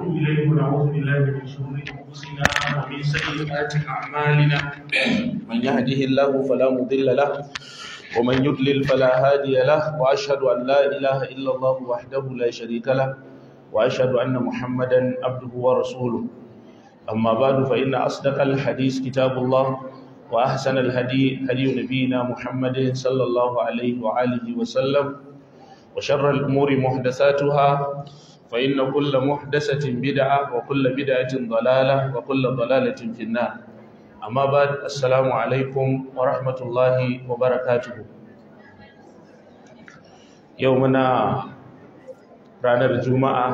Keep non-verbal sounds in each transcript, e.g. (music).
ونتوب إليه ونعوذ بالله من شرور أنفسنا ومن سيئات أعمالنا من يهده الله فلا مضل له ومن يضلل فلا هادي له وأشهد أن لا إله إلا الله وحده لا شريك له وأشهد أن محمدا عبده ورسوله أما بعد فإن أصدق الحديث كتاب الله وأحسن الهدي هدي نبينا محمد صلى الله عليه وآله وسلم وشر الأمور محدثاتها فإن كل محدثة بدعة وكل بدعة ضلالة وكل ضلالة في النار أما بعد السلام عليكم ورحمة الله وبركاته يومنا ranar juma'a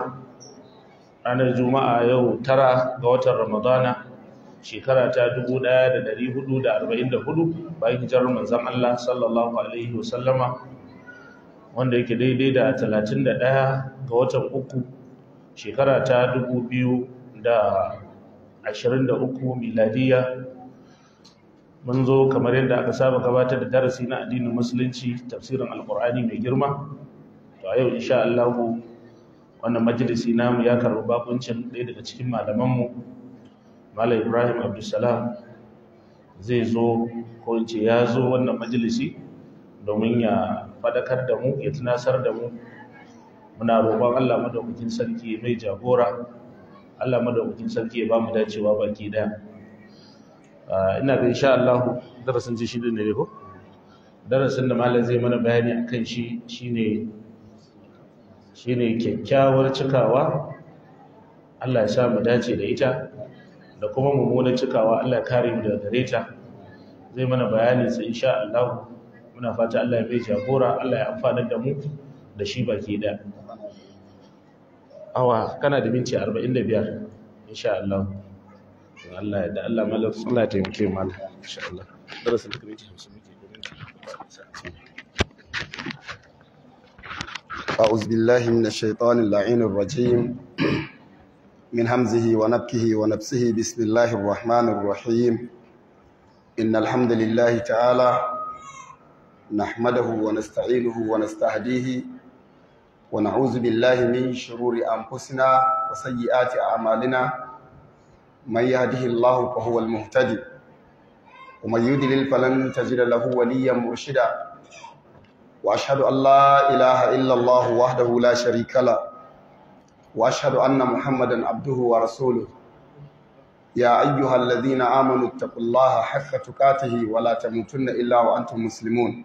ranar juma'a yau tara ga watan ramadana shekara ta 1444 bayan hijirar manzon Allah sallallahu wanda yake daidai da 31 ga watan uku shekara ta 2023 miladiya mun zo kamar yadda aka saba gabatar da darasi na addinin musulunci tafsirin alkur'ani mai girma to a yau insha Allah wannan majalisi namu ya karɓi bakuncin ɗaya daga cikin malaman mu? malam ibrahim abdulsalam zai zo ko ce ya zo wannan majalisi domin ya fadakar da mu ya tunasar da mu muna roƙon Allah madaukakin sarki mai jagora Allah madaukakin sarki ya ba mu dacewa baki da ina ga insha Allah darasin ji shi ne ko darasin da malam zai mana bayani akan shi shine shine kyakkyawar cikawa Allah ya sa mu dace da ita da kuma mummunan cikawa Allah ya kare mu daga gare ta zai mana bayani sai insha Allah muna fata Allah ya bai jagora Allah ya amfana da mu da shi baki da awa kana da minti 45 insha Allah Allah ya da Allah malam Allah ya taimake mu insha Allah darasin da minti 50 muke أعوذ بالله من الشيطان اللعين الرجيم من همزه ونبكه ونفسه بسم الله الرحمن الرحيم إن الحمد لله تعالى نحمده ونستعينه ونستهديه ونعوذ بالله من شرور أنفسنا وسيئات أعمالنا من يهده الله فهو المهتدي ومن يضلل فلن تجد له وليا مرشدا وأشهد أن لا إله إلا الله وحده لا شريك له وأشهد أن محمدا عبده ورسوله يا أيها الذين آمنوا اتقوا الله حق تقاته ولا تموتن إلا وأنتم مسلمون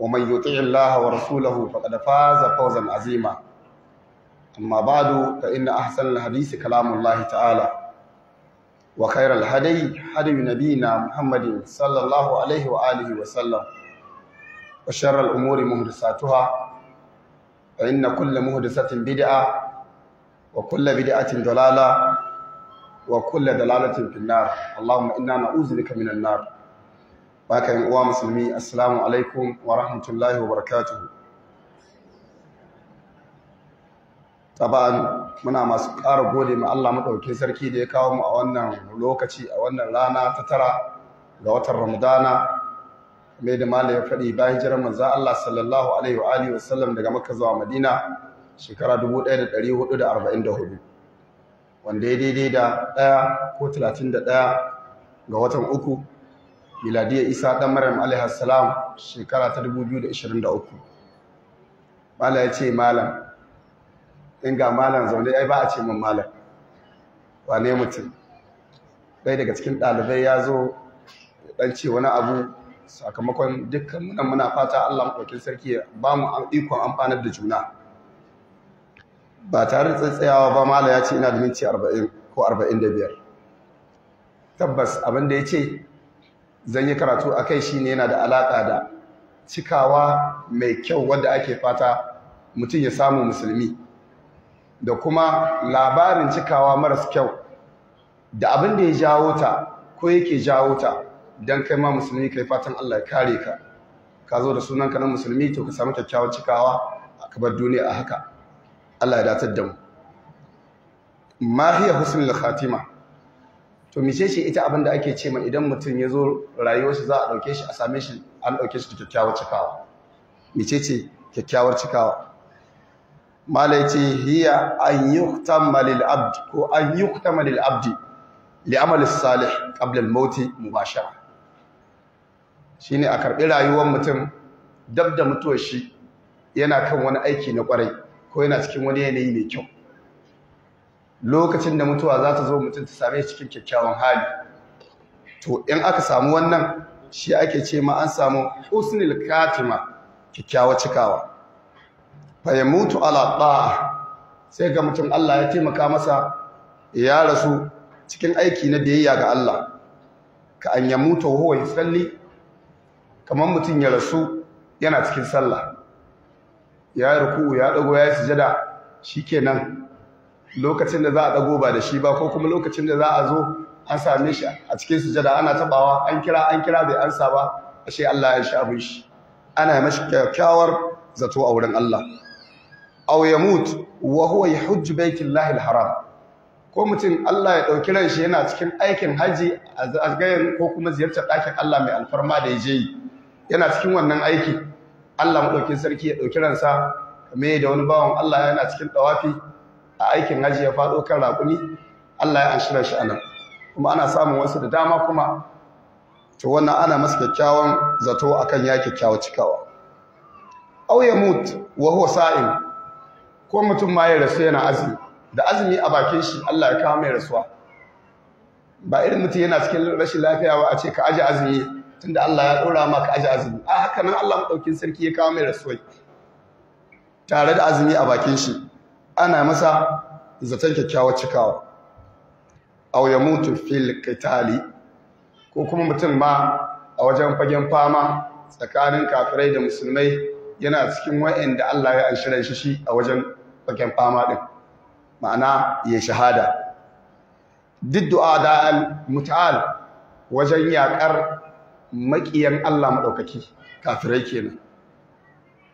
ومن يطع الله ورسوله فقد فاز فوزا عظيما أما بعد فإن أحسن الحديث كلام الله تعالى وخير الهدي هدي نبينا محمد صلى الله عليه وآله وسلم وشر الأمور مهدساتها فإن كل مهدسة بدعة وكل بدعة ضلالة وكل ضلالة في النار اللهم إنا نعوذ بك من النار baka yin uwa musulmi assalamu alaikum wa rahmatullahi wa barakatuhu taban muna masu ƙara gode ma Allah maɗaukin sarki da ya kawo mu a wannan lokaci a wannan rana ta tara ga watan ramadana mai da mala ya faɗi bayan jiran manzo Allah sallallahu alaihi wa alihi wasallam daga makka zuwa madina shekara 1444 wanda ya daidai da ɗaya ko 31 ga watan uku miladiyar isa ɗan maryam alaihassalam shekara ta 2023 Malam ya ce malam in ga malam zaune ai ba a ce min malam wane mutum ɗai daga cikin ɗalibai ya zo ɗan ce wani abu sakamakon dukkan munan muna fata allah maɗaukin sarki ba mu ikon amfanar da juna ba tare tsatsayawa ba malam ya ce ina da minti 40 ko 45 tabbas abin da ya ce zan yi karatu a kai shi ne yana da alaƙa da cikawa mai kyau wadda ake fata mutum ya samu musulmi da kuma labarin cikawa maras kyau da abin da ya jawo ta ko yake jawo ta don kai ma musulmi kai fatan Allah ya kare ka ka zo da sunanka na musulmi to ka samu kyakkyawar cikawa a kabar duniya a haka Allah ya datar da mu ma hiya husnul khatima to mice ce ita abin da ake ce ma idan mutum ya zo rayuwarsa za a ɗauke shi a same shi an ɗauke shi da kyakkyawar cikawa mice ce kyakkyawar cikawa malai ce hiya an yuktama lil abdi ko an yuktama lil abdi li amali salih qabla al maut mubashara shine a karbi rayuwar mutum dab da mutuwar shi yana kan wani aiki na kwarai ko yana cikin wani yanayi mai kyau lokacin da mutuwa za ta zo mutum ta same cikin kyakkyawan hali to in aka samu wannan shi ake ce ma an samu usnil katima kyakkyawa cikawa fa mutu ala ta'a sai ga mutum Allah ya taimaka masa ya rasu cikin aiki na biyayya ga Allah ka an yamutu huwa yusalli kamar mutum ya rasu yana cikin sallah ya ruku ya dago ya yi sujada shikenan lokacin da za a ɗago ba da shi ba ko kuma lokacin da za a zo an same shi a cikin sujada ana tabawa an kira an kira bai ansa ba ashe Allah ya shafi shi ana mashi kyakkyawar zato a wurin Allah aw yamut wa huwa yahujju baitillahi alharam ko mutum Allah ya dauki ran shi yana cikin aikin haji a gayan ko kuma ziyartar ɗakin Allah mai alfarma da yaje yi yana cikin wannan aiki Allah madaukin sarki ya dauki ransa kamar da wani bawan Allah yana cikin ɗawafi? a aikin haji ya faɗo kan raƙumi Allah ya anshira shi anan kuma ana samun wasu da dama kuma to wannan ana masa kyakkyawan zato akan ya kyakkyawa cikawa aw Mut, wa huwa sa'im ko mutum ma ya rasu yana azumi da azumi a bakin shi Allah ya kawo mai rasuwa ba irin mutum yana cikin rashin lafiya ba a ce ka aje azumi tunda Allah ya dora ka aje azumi a haka nan Allah madaukin sarki ya kawo mai rasuwa tare da azumi a bakin shi ana masa zaton kyakkyawar cikawa aw yamutu fil qitali ko kuma mutum ma a wajen fagen fama tsakanin kafirai da musulmai yana cikin wa'anda Allah ya anshira shi shi a wajen fagen fama din ma'ana ya shahada duk du'a da al-muta'al wajen yaƙar makiyan Allah maɗaukaki kafirai kenan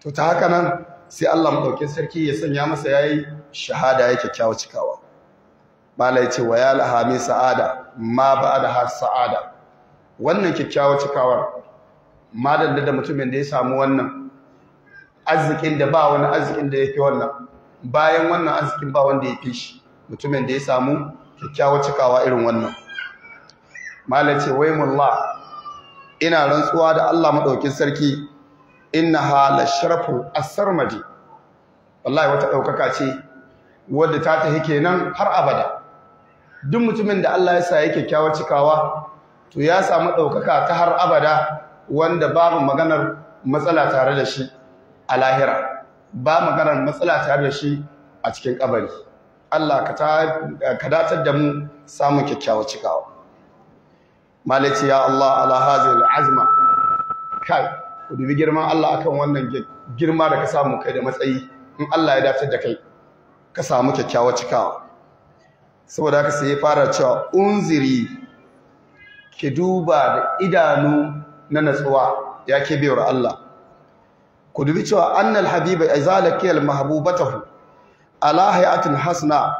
to ta haka nan sai Allah madaukakin sarki ya sanya masa yayi shahada ya kyakkyawa cikawa mala yace wa ya laha min sa'ada ma ba'da har sa'ada wannan kyakkyawa cikawar madan da mutumin da ya samu wannan arzikin da ba wani arzikin da yake wannan bayan wannan arzikin ba wanda yake shi mutumin da ya samu kyakkyawa cikawa irin wannan mala yace waymullah ina rantsuwa da Allah madaukakin sarki innaha la a asarmadi wallahi wata ɗaukaka ce wadda ta tahi kenan har abada duk mutumin da Allah ya sa yake kyakkyawar cikawa to ya samu ɗaukaka ta har abada wanda babu maganar matsala tare da shi a lahira ba maganar matsala tare da shi a cikin kabari Allah ka datar da mu samun kyakkyawar cikawa malaci ya Allah ala al azma kai ku dubi girman Allah akan wannan girma da ka samu kai da matsayi in Allah ya dace da kai ka samu kyakkyawa cikawa saboda haka sai ya fara cewa unziri ki duba da idanu na natsuwa ya ke biyar Allah ku dubi cewa annal habiba izalaki al mahbubatahu ala hayatin hasna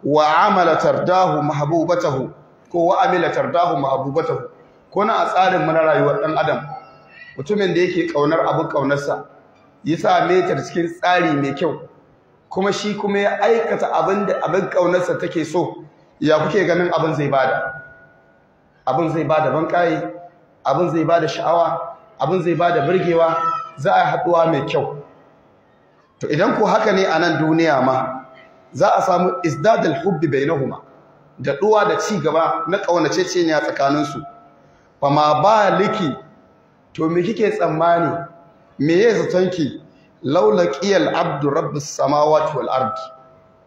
wa amala tardahu mahbubatahu ko wa amila tardahu mahbubatahu ko na a tsarin mana rayuwar dan adam mutumin da yake ƙaunar abu ƙaunarsa ya sa metar cikin tsari mai kyau kuma shi kuma ya aikata abin da abin ƙaunarsa take so ya kuke ganin abin zai bada abin zai bada bankaye, abin zai bada sha'awa abin zai bada burgewa za a haɗuwa mai kyau to idan ku haka ne a nan duniya ma za a samu isdadal hubbi bainahuma da ɗuwa da ci gaba na ƙaunace ƙaunaceceniya tsakaninsu fa ma liki. to me kike tsammani me ya zaton ki laula qiyal abdu rabbis samawati wal ardi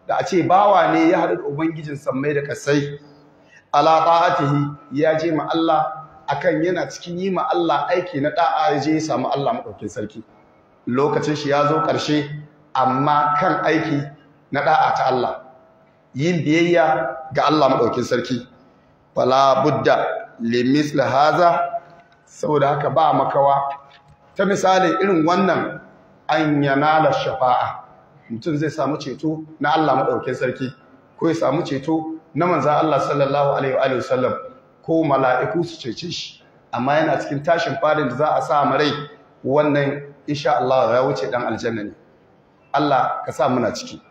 da a ce bawa ne ya haɗu da ubangijin samai da kasai ala ta'atihi ya je ma Allah akan yana cikin yi ma Allah aiki na da'a ya je samu Allah madaukin sarki lokacin shi ya zo ƙarshe amma kan aiki na da'a ta Allah yin biyayya ga Allah madaukin sarki fala budda limisl hadha saboda haka ba makawa ta misali irin wannan an yanala shafa'a mutum zai samu ceto na Allah madaukakin sarki ko ya samu ceto na manzon Allah sallallahu alaihi wa ko mala'iku su cece shi amma yana cikin tashin farin da za a sa marai wannan insha Allah ya wuce dan aljanna ne Allah ka sa muna ciki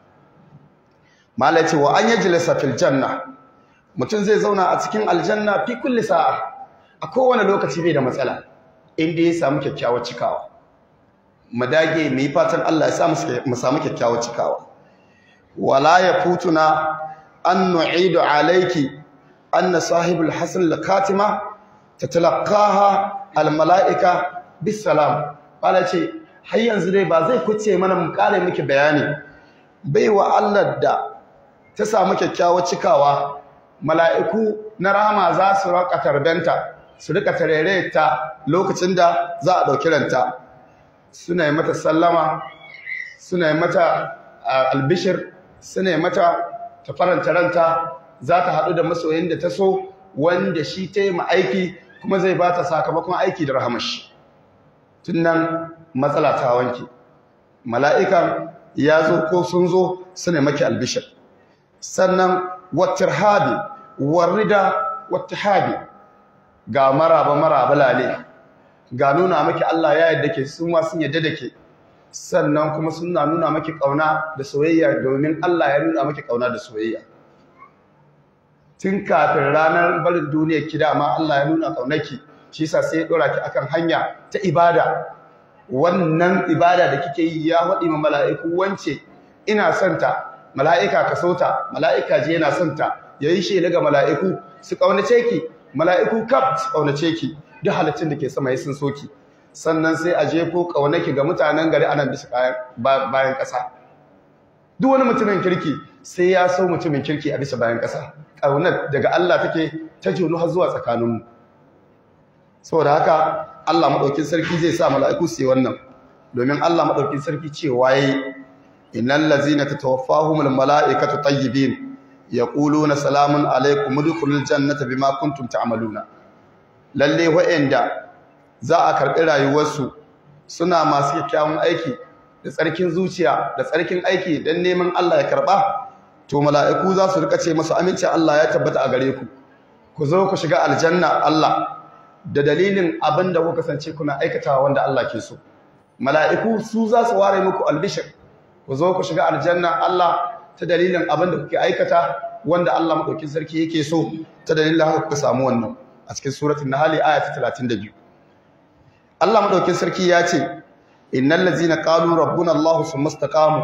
malai ce wa an yajlisa fil janna mutum zai zauna a cikin aljanna fi kulli sa'a a kowane lokaci bai da matsala inda ya samu kyakkyawar cikawa madage mai fatan Allah ya sa mu kyakkyawar cikawa wala ya futuna an nu'idu alayki anna sahibul hasan lakatima tatalaqaha al malaika bisalam bala ce har yanzu dai ba zai kuce mana mu kare miki bayani Bai wa Allah da ta samu kyakkyawar cikawa mala'iku na rahama za su raka tarbenta su rika ta lokacin da za a ɗauki ranta suna yi mata sallama suna yi mata albishir suna yi mata ta faranta ranta za ta haɗu da masoyin da ta so wanda shi ta yi ma'aiki kuma zai ba ta sakamakon aiki da rahamashi tun nan matsala ta wanke Mala'ika ya zo ko sun zo suna maki albishir sannan wattar hadi warrida wata hadi ga maraba maraba lale ga nuna maki Allah ya yadda ke sun ma sun yadda da ke sannan kuma suna nuna maki ƙauna da soyayya domin Allah ya nuna maki ƙauna da soyayya tun kafin ranar barin duniya ki dama Allah ya nuna kaunaki shi yasa sai ya dora ki akan hanya ta ibada wannan ibada da kike yi ya wadi ma mala'iku wance ina santa mala'ika ka mala'ika je yana santa ta yayi shela ga mala'iku su kaunace ki mala'iku kaf kaunace ki duk halittun da ke sama ya sun soki sannan sai a je ko kaunaki ga mutanen gari anan bisa bayan ƙasa duk wani mutumin kirki sai ya so mutumin kirki a bisa bayan ƙasa ƙaunar daga Allah take ta jonu har zuwa tsakaninmu saboda haka Allah maɗaukin sarki zai sa mala'iku su yi wannan domin Allah maɗaukin sarki cewa yayi innal ladzina tatawaffahumul mala'ikatu tayyibin Ya yaquluna salamun alaikum udkhulul jannata bima kuntum ta'maluna lalle wa'anda za a karɓi rayuwarsu suna masu kyakkyawan aiki da tsarkin zuciya da tsarkin aiki dan neman Allah ya karɓa? to mala'iku za su rika ce masu amince Allah ya tabbata a gare ku ku zo ku shiga aljanna Allah da dalilin abinda da kuka sance kuna aikatawa wanda Allah ke so mala'iku su za su ware muku albishir ku zo ku shiga aljanna Allah ta dalilin abin da kuke aikata wanda Allah madaukin sarki yake so ta dalilin haka kuka samu wannan a cikin suratul nahl aya ta 32 Allah madaukin sarki ya ce innal ladzina qalu rabbuna Allah summa istaqamu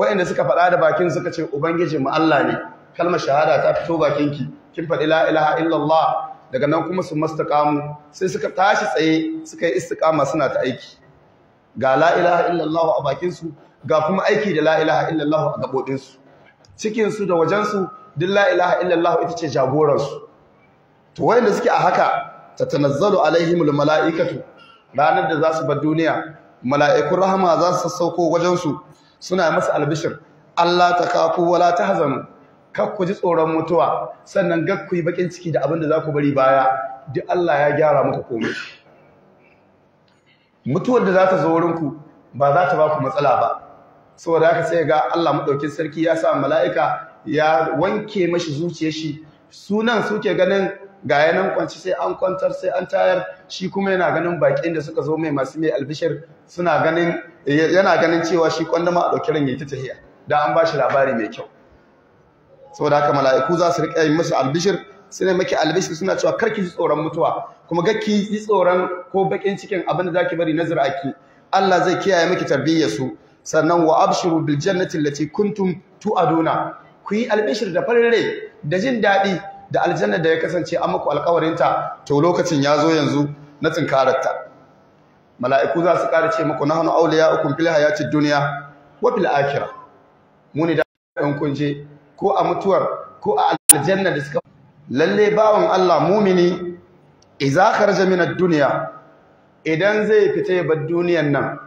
wa'inda suka faɗa da bakin suka ce ubangiji mu Allah ne kalma shahada ta fito bakin ki kin faɗi la ilaha illallah daga nan kuma su mastaqamu sai suka tashi tsaye suka yi istiqama suna ta aiki ga la ilaha a bakin su ga kuma aiki da la'ilaha illallahu a gabobinsu cikinsu da wajensu duk la'ilaha illallahu ita ce jagoransu to wayanda suke a haka ta tatanazzalu alaihimul mala'ikatu ranar da za su bar duniya mala'ikun rahama za su sassauko wajensu suna masu albishir Allah ta kafu wala ta hazanu kakku ji tsoron mutuwa sannan gakku yi bakin ciki da abin da za ku bari baya duk Allah ya gyara muku komai mutuwar da za ta zo wurinku ba za ta ba ku matsala ba saboda haka sai ga Allah madaukin sarki ya sa mala'ika ya wanke mashi zuciyar shi sunan suke ganin ga yanan kwanci sai an kwantar sai an tayar shi kuma yana ganin bakin da suka zo mai masu mai albishir suna ganin yana ganin cewa shi kwandama a ɗauki ran ya ta tahiya da an ba shi labari mai kyau saboda haka mala'iku za su riƙa musu albishir suna maki albishir suna cewa karki ji tsoron mutuwa kuma ga ki ji tsoron ko baƙin cikin abin da ki bari na ki. Allah zai kiyaye miki tarbiyyar su sannan wa abshiru bil jannati allati kuntum tu'aduna ku yi albishir da farin da jin daɗi da aljanna da ya kasance an muku ta to lokacin ya zo yanzu na tsinkararta mala'iku za su ƙara ce muku nahnu awliya'ukum fil hayati dunya wa fil akhirah mu ne da ɗan kunje ko a mutuwar ko a aljanna da suka lalle bawan Allah mumini idza kharaja min ad-dunya idan zai fita ya bar duniyar nan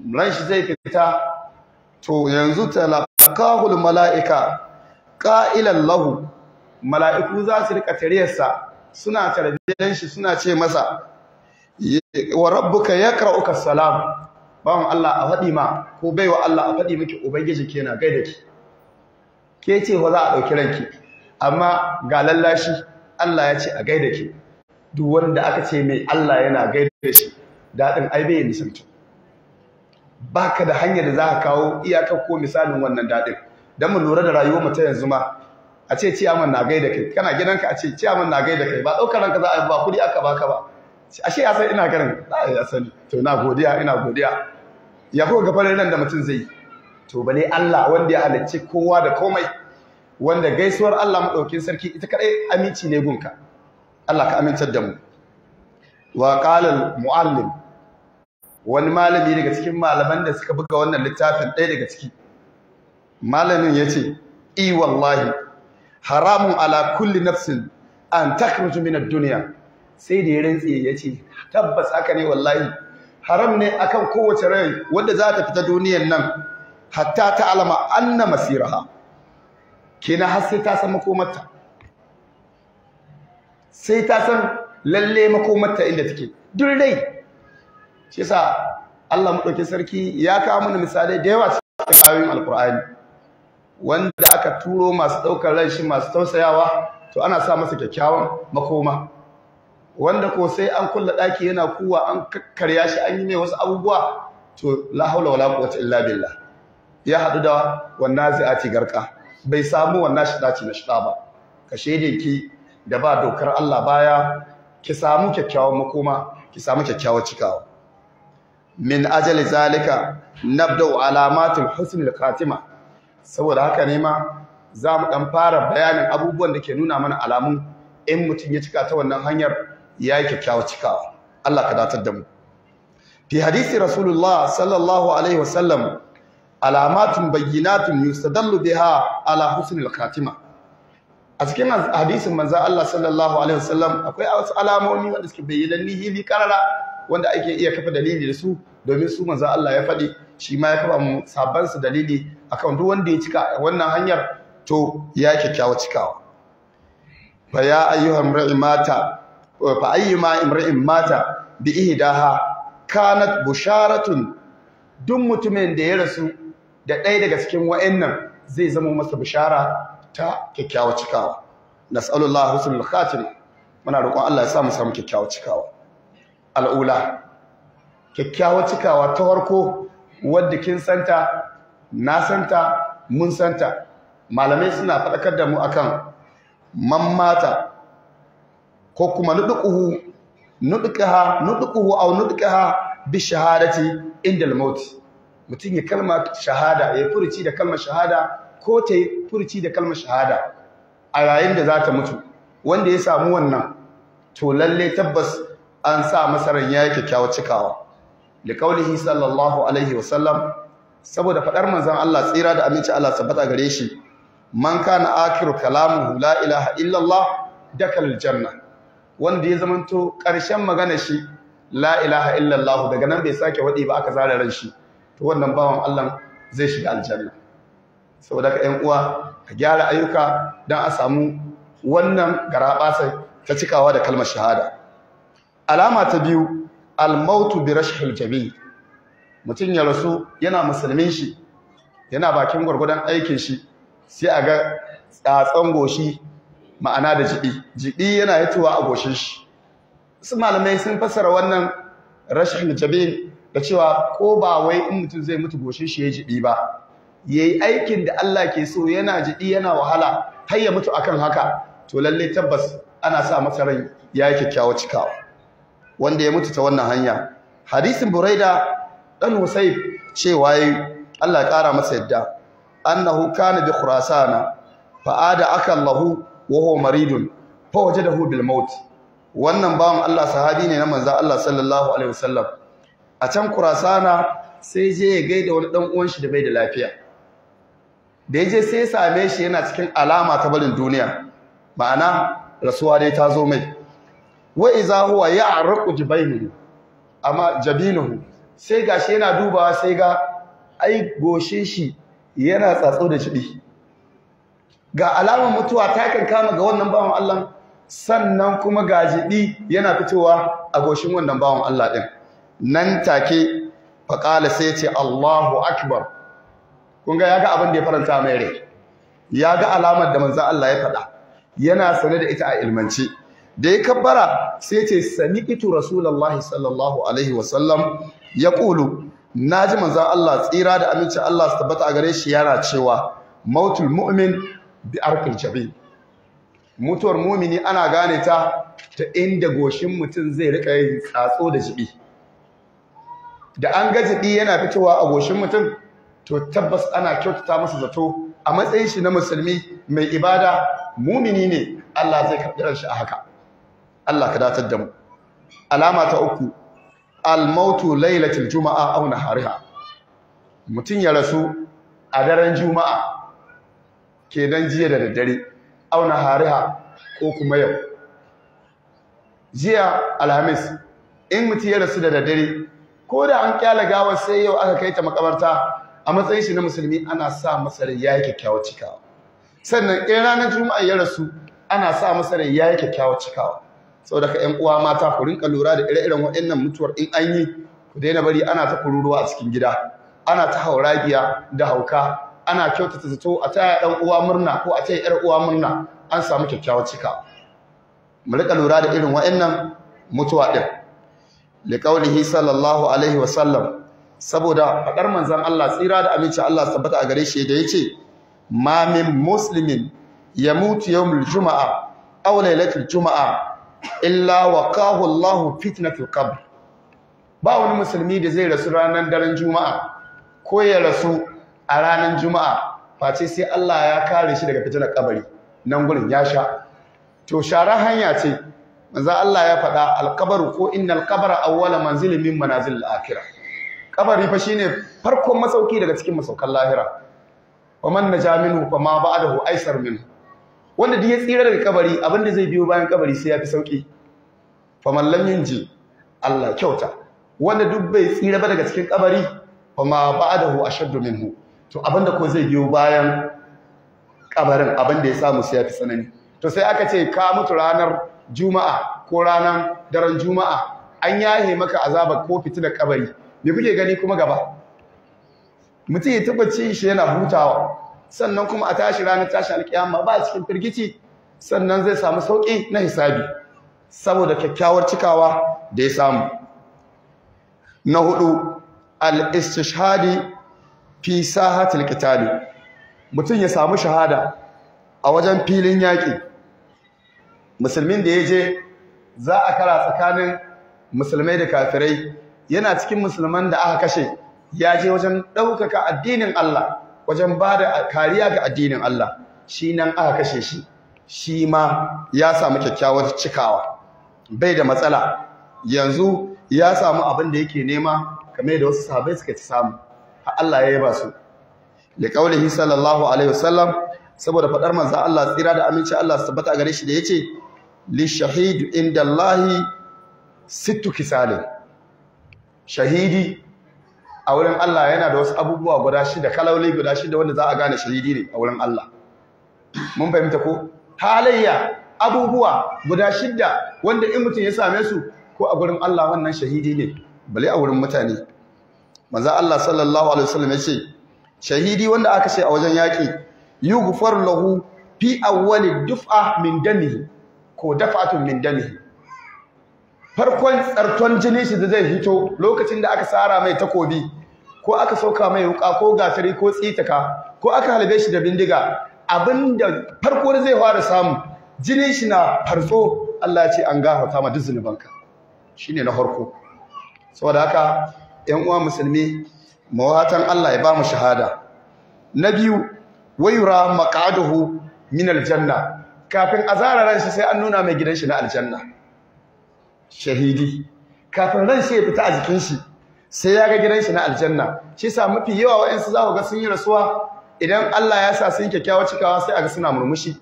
Ranshi zai fita to yanzu talaqahul malaika qailan lahu mala'iku za su rika tariyarsa suna tarbiyyar shi suna ce masa wa rabbuka yaqra'uka salam bawan Allah a faɗi ma ko baiwa Allah a faɗi miki ubangiji kenan gaida ki ke ce wa za a ɗauki ranki amma ga lallashi Allah ya ce a gaida ki duk wanda aka ce mai Allah yana gaida shi daɗin ai bai nisantu baka da hanyar da za ka kawo iyakar ko misalin wannan daɗin don mu lura da rayuwar ta yanzu ma a ce ciyaman na gaida kai kana gidanka a ce ciyaman na gaida kai ba ɗaukar ranka za a yi ba kuɗi aka baka ba A ce ya san ina garin ya sani to ina godiya ina godiya ya kuka ga farin nan da mutum zai yi to bale Allah wanda ya halicci kowa da komai wanda gaisuwar Allah maɗaukin sarki ita kadai aminci ne gunka Allah ka amincar da mu wa qala al muallim wani malami daga cikin malaman da suka buga wannan littafin ɗaya daga ciki malamin ya ce i wallahi haramun ala kulli nafsin an takhruju min ad sai da ya rantse ya ce tabbas haka ne wallahi haram ne akan kowace rai wanda za ta fita duniyar nan hatta ta alama anna masiraha Kina har sai ta san makomarta sai ta san lalle makomarta inda take duk rai shi yasa Allah madaukakin sarki ya kawo mana misalai da yawa cikin ayoyin alqur'ani wanda aka turo masu ɗaukar ran masu tausayawa to ana sa masa kyakkyawan makoma wanda ko sai an kulla daki yana kuwa an karya shi an yi mai wasu abubuwa to la haula wala quwwata illa billah ya hadu da wannan garka bai samu wannan na shida ba ka da ba dokar Allah baya ki samu kyakkyawan makoma ki samu kyakkyawan cikawa min ajali zalika nabda'u alamatul husnil khatima saboda haka ne ma za mu dan fara bayanin abubuwan da ke nuna mana alamun in mutum ya cika ta wannan hanyar ya yi kyakkyawa cika. Allah ka datar da mu fi hadisi rasulullah sallallahu alaihi wasallam alamatun bayyinatun yustadallu biha ala husnil khatima a cikin hadisin manzan Allah sallallahu alaihi wasallam akwai wasu alamomi wanda suke bayyana hili karara wanda ake iya kafa dalili da su domin su manzan Allah ya faɗi shi ma ya kafa mu sabban su dalili akan duk wanda ya cika wannan hanyar to ya kyakkyawa cikawa fa ya ayyuha imra'i mata fa ayyuma imra'in mata bi ihdaha kanat busharatun duk mutumin da ya rasu da ɗaya daga cikin wa'annan zai zama masa bishara ta kyakkyawa cikawa nas'alullah husnul khatim muna roƙon Allah ya sa mu samu kyakkyawa cikawa al'ula kyakkyawa cikawa ta farko wadda kin santa na santa mun santa malamai suna faɗakar da mu akan mammata ko kuma nuduquhu nuduqaha nuduquhu aw nuduqaha bi shahadati inda al mutum ya kalma shahada ya furuci da kalmar shahada ko ta yi. furci da kalmar shahada a yayin da za ta mutu wanda ya samu wannan to lalle tabbas an sa masarar ya yi kyakkyawar cikawa da kaulihi sallallahu alaihi wasallam saboda faɗar manzan Allah tsira da aminci Allah sabbata gare shi man kana akiru kalamu la ilaha illallah dakal janna wanda ya zamanto ƙarshen magana shi la ilaha illallah daga nan bai sake waɗi ba aka zara ran shi to wannan bawan Allah zai shiga aljanna saboda ka 'yan uwa ka gyara ayyuka don a samu wannan garaɓasa ta cikawa da kalmar shahada alama ta biyu almautu bi rashhil jami mutum ya rasu yana musulmin shi yana bakin gwargwadon aikin shi sai a ga tsatson goshi ma'ana da jiɗi jiɗi yana tuwa a goshin shi su malamai sun fassara wannan rashin jabin da cewa ko ba wai in mutum zai mutu goshin shi ya jiɗi ba yayi aikin da Allah ke so yana jiɗi yana wahala har ya mutu akan haka to lalle tabbas ana sa masa rai yayi kyakkyawa cika. wanda ya mutu ta wannan hanya hadisin buraida dan husai cewa yi Allah ƙara masa yadda annahu kana bi khurasana fa ada akallahu wa huwa maridun fa wajadahu bil maut wannan bawan Allah sahabi ne na manzo Allah sallallahu alaihi wasallam a can kurasana sai je ya gaida wani dan uwan shi da bai da lafiya da ya je sai ya same shi yana cikin alama ta barin duniya ma'ana rasuwa dai ta zo mai wa iza huwa ya'raqu jibainihi amma jabinuhu sai gashi yana dubawa sai ga ai goshe shi yana tsatso da shidi ga alamar mutuwa ta kan kama ga wannan bawan Allah sannan kuma ga jidi yana fitowa a goshin wannan bawan Allah din nan take faqala sai ce Allahu akbar kun ga yaga abin da ya faranta mai rai ga alamar da manzon Allah ya faɗa yana sane da ita a ilmanci. da ya kabbara sai ya ce sami'tu rasulullahi sallallahu alaihi wasallam ya kulu ji manzan Allah tsira da aminci Allah su tabbata a gare shi yana cewa mautul mu'min bi arkil jabin mutuwar mumini ana gane ta ta inda goshin mutum zai rika yin tsatso da jibi da an ga jibi yana fitowa a goshin mutum to tabbas ana kyautata masa zato a matsayin shi na musulmi mai ibada mumini ne Allah zai karɓi shi a haka Allah ka datar da mu alama ta uku al-mautu lailatul juma'a aw nahariha mutun ya rasu a daren juma'a kenan jiya da daddare aw nahariha ko kuma yau jiya alhamis in mutun ya rasu da daddare ko da an kyala gawar sai yau aka kai ta makabarta a matsayin shi na musulmi ana sa masa rai yayi kyakkyawa cikawa sannan in ranar juma'a ya rasu ana sa masa rai yayi kyakkyawa cikawa saboda ka ƴan uwa mata ku rinka lura da ire-iren waɗannan mutuwar in an yi ku daina bari ana ta kururuwa a cikin gida ana ta hauragiya da hauka ana kyautata zato a taya ɗan uwa murna ko a taya ƴar uwa murna an samu kyakkyawa cikawa mu rika lura da irin waɗannan mutuwa ɗin liƙaulihi sallallahu alaihi sallam. saboda faɗar manzan Allah tsira da aminci Allah sabbata a gare shi da yace musulmin ya ya mutu yawmul juma'a aw lailatul juma'a illa wa kahu Allahu fitnatul qabr ba wani musulmi da zai rasu ranar daren juma'a ko ya rasu a ranar juma'a face sai Allah ya kare shi daga fitinar kabari nan gurin ya sha to shara hanya ce manzan Allah ya faɗa alkabaru ko innal qabra awwala manzilin min manazilil akhirah kabari fa shine farkon masauki daga cikin masaukan lahira wa man najaminu fa ma ba'dahu aisar min wanda duk ya tsira daga kabari abinda zai biyo bayan kabari sai ya fi sauki fa man lam yunji Allah kyauta wanda duk bai tsira ba daga cikin kabari fa ma ba'dahu ashaddu minhu to abinda ko zai biyo bayan kabarin abinda ya samu sai ya fi tsanani to sai aka ce ka mutu ranar juma'a ko ranar daren juma'a an yahe maka azabar ko fitilar kabari me kuke gani kuma gaba mutum ya tabbaci shi yana hutawa sannan kuma a tashi ranar tashi alkiyama ba cikin firgici sannan zai samu sauƙi na hisabi saboda kyakkyawar cikawa da ya samu na hudu al-istishhadi fi sahatil qitali mutum ya samu shahada a wajen filin yaƙi musulmin da ya je za a kara tsakanin musulmai da kafirai yana cikin musulman da aka kashe ya je wajen ɗaukaka addinin Allah wajen ba da kariya ga addinin Allah shi nan aka kashe shi shi ma ya samu kyakkyawar cikawa bai da matsala yanzu ya samu abin da yake nema kamar da wasu sahabbai suka ci samu Allah ya yi ba su liqaulihi sallallahu alaihi wasallam saboda faɗar manzo Allah tsira da aminci Allah su tabbata gare shi da yace li shahid indallahi sittu kisalin shahidi a wurin Allah yana da wasu abubuwa guda shida kalauli guda shida wanda za a gane shahidi ne a wurin Allah mun fahimta ko halayya abubuwa guda shida wanda in mutum ya same su ko a wurin Allah wannan shahidi ne bale a wurin mutane manzo Allah sallallahu alaihi wasallam ya ce shahidi wanda aka ce a wajen yaki yughfar lahu fi awwali duf'a min damihi ko daf'atun min damihi farkon tsarton jini shi da zai hito lokacin da aka tsara mai takobi ko aka sauka mai wuka ko gasari ko tsitaka ko aka halbe shi da bindiga abinda farko da zai fara samu jini shi na farso Allah ce an gafa ma duk zunubanka shine na farko saboda haka 'yan uwa musulmi mawatan Allah ya ba mu shahada na biyu wayura maqaduhu min aljanna kafin azara ran shi sai an nuna mai gidan shi na aljanna shahidi kafin ran shi ya fita a jikin shi sai ya ga gidan shi na aljanna shi yasa mafi yawa wayansu za ku ga sun yi rasuwa idan Allah ya sa sun kyakkyawa cikawa sai a ga suna murmushi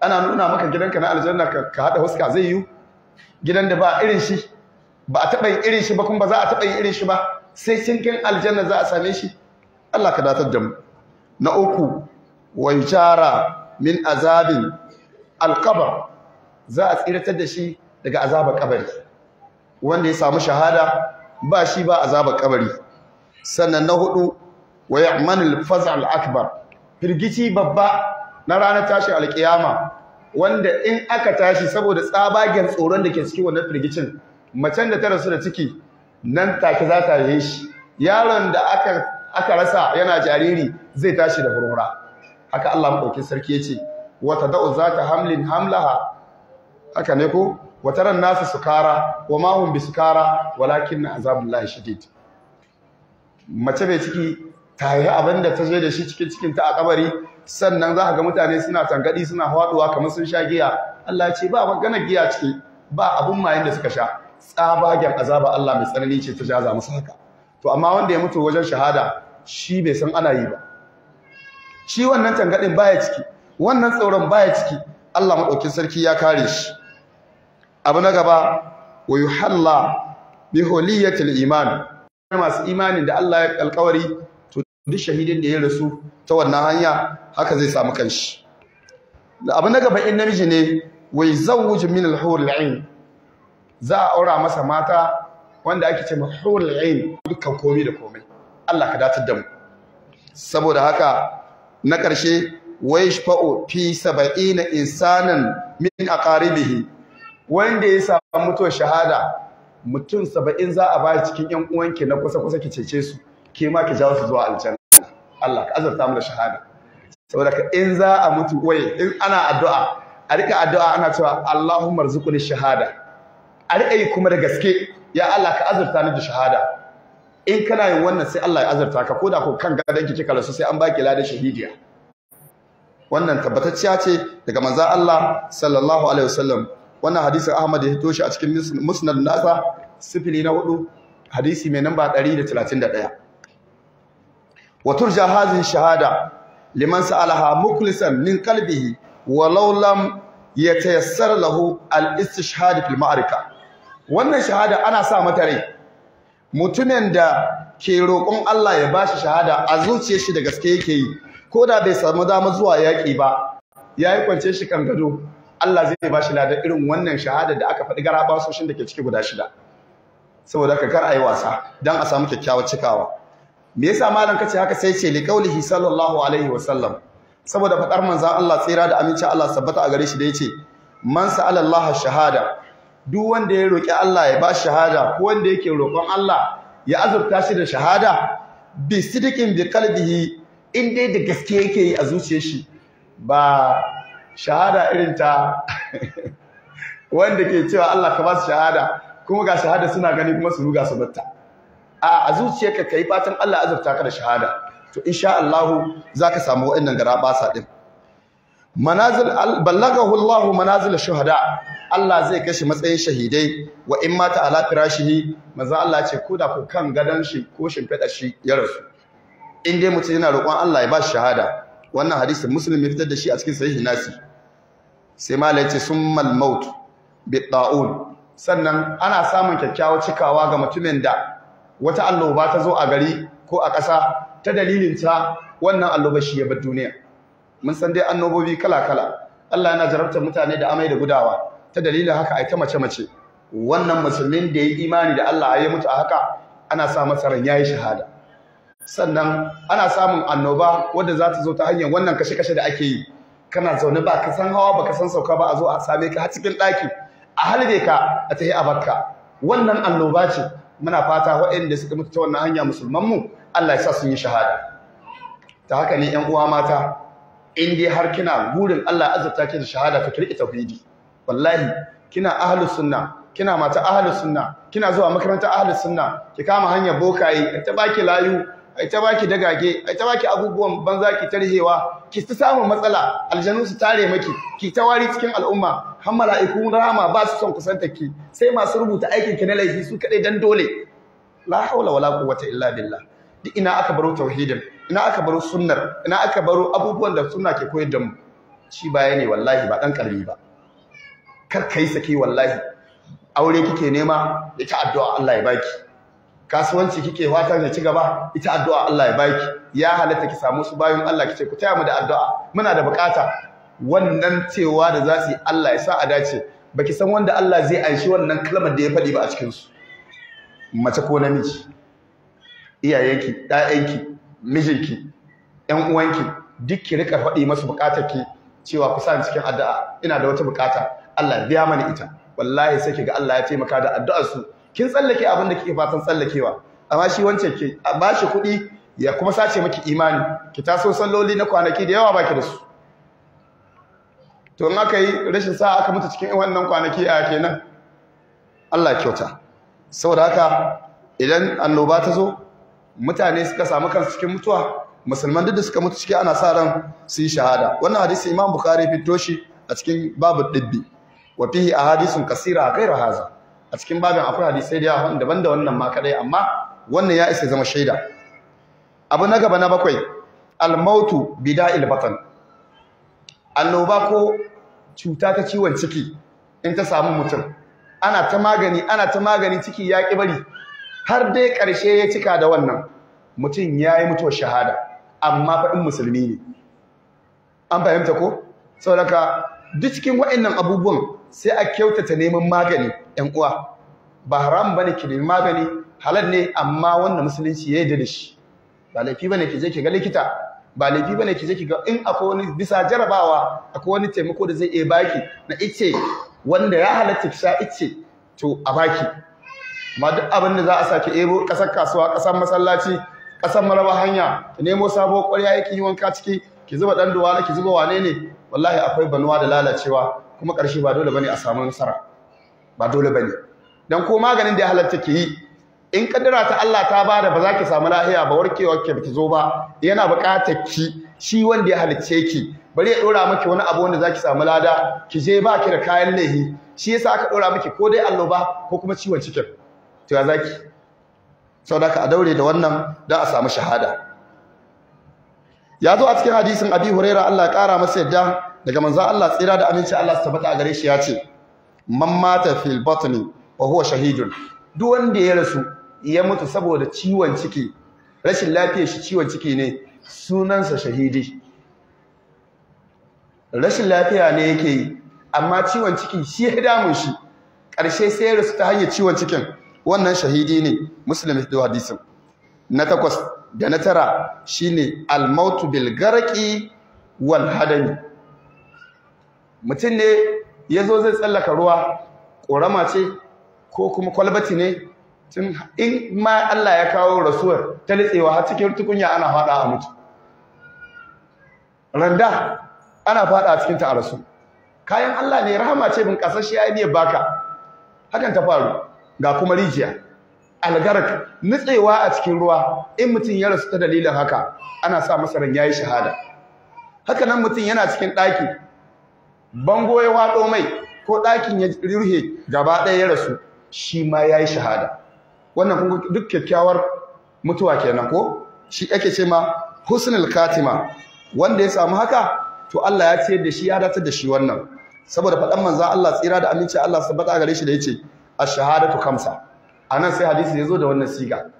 ana nuna maka gidanka na aljanna ka ka hada huska zai yi gidan da ba irin shi ba a taba yin irin shi ba kuma ba za a taba yin irin shi ba sai cinkin aljanna za a same shi Allah ka datar da mu na uku wa yujara min azabin alqabr za a tsiratar da shi daga azabar kabari wanda ya samu shahada ba shi ba azabar kabari sannan na hudu wa ya'manul faz'al akbar firgici babba na ranar tashi alkiyama wanda in aka tashi saboda tsabagen tsoron da ke cikin wannan firgicin macen da ta rasu da ciki nan take za ta yi shi yaron da aka rasa yana jariri zai tashi da hurhura haka Allah madaukakin sarki yace wa tada'u zata hamlin hamlaha haka ne ko wataran taran nasu sukara wa ma hum bisukara walakin shi shadid mace bai ciki ta yi abin da ta zo da shi cikin cikin ta a kabari sannan za ka ga mutane suna tangadi suna hawaduwa kamar sun sha giya Allah ce ba gana giya ciki ba abin mayen da suka sha tsabagen azaba Allah mai tsanani ce ta jaza musu haka to amma wanda ya mutu wajen shahada shi bai san ana yi ba shi wannan tangadin baya ciki wannan tsoron baya ciki Allah madaukin sarki ya kare shi abu na gaba wa halla bi huliyatil iman masu imanin da Allah ya alkawari to duk shahidin da ya rasu ta wannan hanya haka zai samu kanshi abu na gaba in namiji ne wai zawuj min al-hur ain za a aura masa mata wanda ake ce hur al-ain dukkan komai da komai Allah ka datar da mu saboda haka na ƙarshe wai shafa'u fi saba'ina insanan min aqaribihi wanda ya samu mutuwar shahada mutum saba'in za a ba cikin yan uwanki na kusa kusa ki cece su ke ma ki jawo su zuwa aljanna Allah ka azurta mu da shahada saboda ka in za a mutu wai in ana addu'a a rika addu'a ana cewa Allahumma rzuqni shahada a rika yi kuma da gaske ya Allah ka azurta ni da shahada in kana yin wannan sai Allah ya azurta ka koda ko kan gadon ki kika rasu sai an baki ladan shahidiya wannan tabbatacciya ce daga manzon Allah sallallahu alaihi wasallam wannan hadisin Ahmad ya hito shi a cikin musnad nasa sifili na hudu hadisi mai namba 131 wa turja hadhihi shahada liman sa'alaha mukhlisan min qalbihi walau lam yatayassar lahu al-istishhad fil ma'arika wannan shahada ana sa mata rai mutumin da ke roƙon Allah ya bashi shahada a zuciyar shi da gaske yake yi ko da bai samu dama zuwa yaƙi ba yayi kwance shi kan gado Allah zai ba shi ladan irin wannan shahada da aka faɗi garaba soshin da ke ciki guda shida saboda ka kar yi wasa dan a samu kyakkyawar cikawa me yasa malam kace haka sai ce li qaulihi sallallahu alaihi wasallam saboda faɗar manzon Allah tsira da aminci Allah sabbata a gare shi da yace man sa'ala Allah shahada duk wanda ya roki Allah ya ba shahada ko wanda yake roƙon Allah ya azurta shi da shahada bi sidiqin bi qalbihi in dai da gaske yake yi a zuciyar shi ba shahada irin ta wanda ke cewa Allah ka ba su shahada kuma ga shahada suna gani kuma su ruga su batta a a zuciyarka kai fatan Allah azurta ka da shahada to insha Allah zaka samu wa'annan garaba sa din manazil ballagahu Allah manazil shuhada Allah zai kashe matsayin shahidai wa in mata ala firashihi maza Allah ce ko da ku kan gadan shi ko shimfida shi ya rasu in dai mutum yana roƙon Allah ya ba shi shahada wannan hadisin muslim ya fitar da shi a cikin sahihin nasi sai malai ce summal maut bidda'un sannan ana samun kyakkyawa cikawa ga mutumin da wata alloba ta zo a gari ko a ƙasa ta dalilin ta wannan alloba shi ya bar duniya mun san dai annobobi kala kala Allah yana jarabtar mutane da amai da gudawa ta dalilin haka ai ta mace mace wannan musulmin da yi imani da Allah ya mutu a haka ana sa masa ran yayi shahada sannan ana samun annoba wadda za ta zo ta hanyar wannan kashe-kashe da ake yi kana zaune ba ka san hawa ba ka san sauka ba a zo a same ka har cikin ɗaki a halbe ka a tahi a barka wannan annoba ce muna fata waɗanda suka mutu ta wannan hanya musulmanmu Allah ya sa sun yi shahada ta haka ne ƴan uwa mata in dai har kina gurin Allah azurta ki da shahada ka kirki tauhidi wallahi kina ahlus sunna kina mata ahlus sunna kina zuwa makaranta ahlus sunna ki kama hanyar bokaye ta baki layu ai ta baki dagage ai ta baki abubuwan banza ki tarhewa ki ta samu matsala aljanu su tare maki ki ta wari cikin al'umma har mala'iku rama ba su son kusanta ki sai masu rubuta aikin ki na laifi su kadai dan dole la haula wala quwwata illa billah duk ina aka baro tauhidin ina aka baro sunnar ina aka baro abubuwan da sunna ke koyar da mu shi baya ne wallahi ba dan karbi ba kar kai sake wallahi aure kike nema da ta addu'a Allah ya baki kasuwanci kike wata ya ci gaba ita addu'a Allah ya baki ya halatta ki samu su bayan Allah kice ku taya mu da addu'a muna da bukata wannan cewa da za su Allah ya sa a dace baki san wanda Allah zai aishi wannan kalmar da ya fadi ba a cikin su mace ko namiji iyayenki ɗayanki mijinki ƴan uwanki duk ki rika faɗi masu bukatar ki cewa ku sa cikin addu'a ina da wata bukata Allah ya biya mana ita wallahi sai ki ga Allah ya taimaka da addu'ar su kin tsallake abin da kike fatan tsallakewa amma shi wance ke ba shi kuɗi ya kuma sace miki imani ki taso salloli na kwanaki da yawa baki da su to in aka yi rashin sa aka mutu cikin wannan kwanaki a kenan Allah kyauta saboda haka idan annoba ta zo mutane suka samu kansu cikin mutuwa musulman duk da suka mutu ciki ana sa ran su yi shahada wannan hadisi imam bukhari fito shi a cikin babu dibbi wa fihi ahadithun kasira kai hadha a cikin babin akwai hadisai da yawa daban da wannan ma kadai amma wannan ya isa zama shaida abu na gaba na bakwai mautu bida'il batan annoba ko cuta ta ciwon ciki in ta samu mutum ana ta magani ana ta magani ciki ya ki bari har dai karshe ya cika da wannan mutum ya yi mutuwar shahada amma faɗin musulmi ne an fahimta ko saboda duk cikin waɗannan abubuwan sai a kyautata neman magani ɗan uwa ba haram bane ki nemi magani halal ne amma wannan musulunci ya yi da shi ba laifi bane ki je ki ga likita ba laifi bane ki je ki ga in akwai wani bisa jarabawa akwai wani taimako da zai iya baki na ice wanda ya halatta ki sha ice to a baki amma duk abin da za a sake ebo kasar kasuwa kasar masallaci kasar maraba hanya ki nemo sabo ƙwarya yake yi wanka ciki ki zuba dan duwala ki zuba wane ne wallahi akwai banuwa da lalacewa kuma ƙarshe ba dole bane a samu nasara ba dole bane dan ko maganin da ya halatta ke yi in kaddara ta Allah ta bada ba za ki samu lahiya ba warkewa ki zo ba yana buƙatar ki shi wanda ya halicce ki bari ya dora maki wani abu wanda za ki samu lada ki je ba ki da kayan lehi shi yasa aka dora miki ko dai ba, ko kuma ciwon cikin to ya zaki saboda a daure da wannan da a samu shahada ya zo a cikin hadisin Abi Huraira Allah ya kara masa yadda daga manzon Allah tsira da aminci Allah su tabbata a gare shi ya ce man mata fil batni wa huwa shahidun duk wanda ya rasu ya mutu saboda ciwon ciki rashin lafiyar shi ciwon ciki ne sunansa shahidi rashin lafiya ne yake yi amma ciwon ciki shi ya damun shi ƙarshe sai ya rasu ta hanyar ciwon cikin wannan shahidi ne muslim hiddo hadisin na takwas da na tara shine al-mautu bil garqi wal hadani mutum ne ya zo zai tsallaka ruwa ƙorama ce ko kuma kwalbati ne tun in ma Allah ya kawo rasuwar ta litsewa har cikin tukunya ana faɗa a mutu randa ana faɗa a cikin ta a rasu kayan Allah ne rahama ce bin shi ya ne baka hakan ta faru ga kuma rijiya algarak nutsewa a cikin ruwa in mutum ya rasu ta dalilin haka ana sa masa ya yi shahada haka nan mutum yana cikin ɗaki bango ya wado mai ko ɗakin ya ruhe gaba ɗaya ya rasu shi ma ya yi shahada wannan kun duk kyakkyawar mutuwa kenan ko shi ake ce ma husnul katima wanda ya samu haka to Allah ya ce da shi ya datar da shi wannan saboda faɗan manzon Allah tsira da aminci Allah sabbata gare shi da yace ash-shahadatu khamsa anan sai hadisi ya zo da wannan siga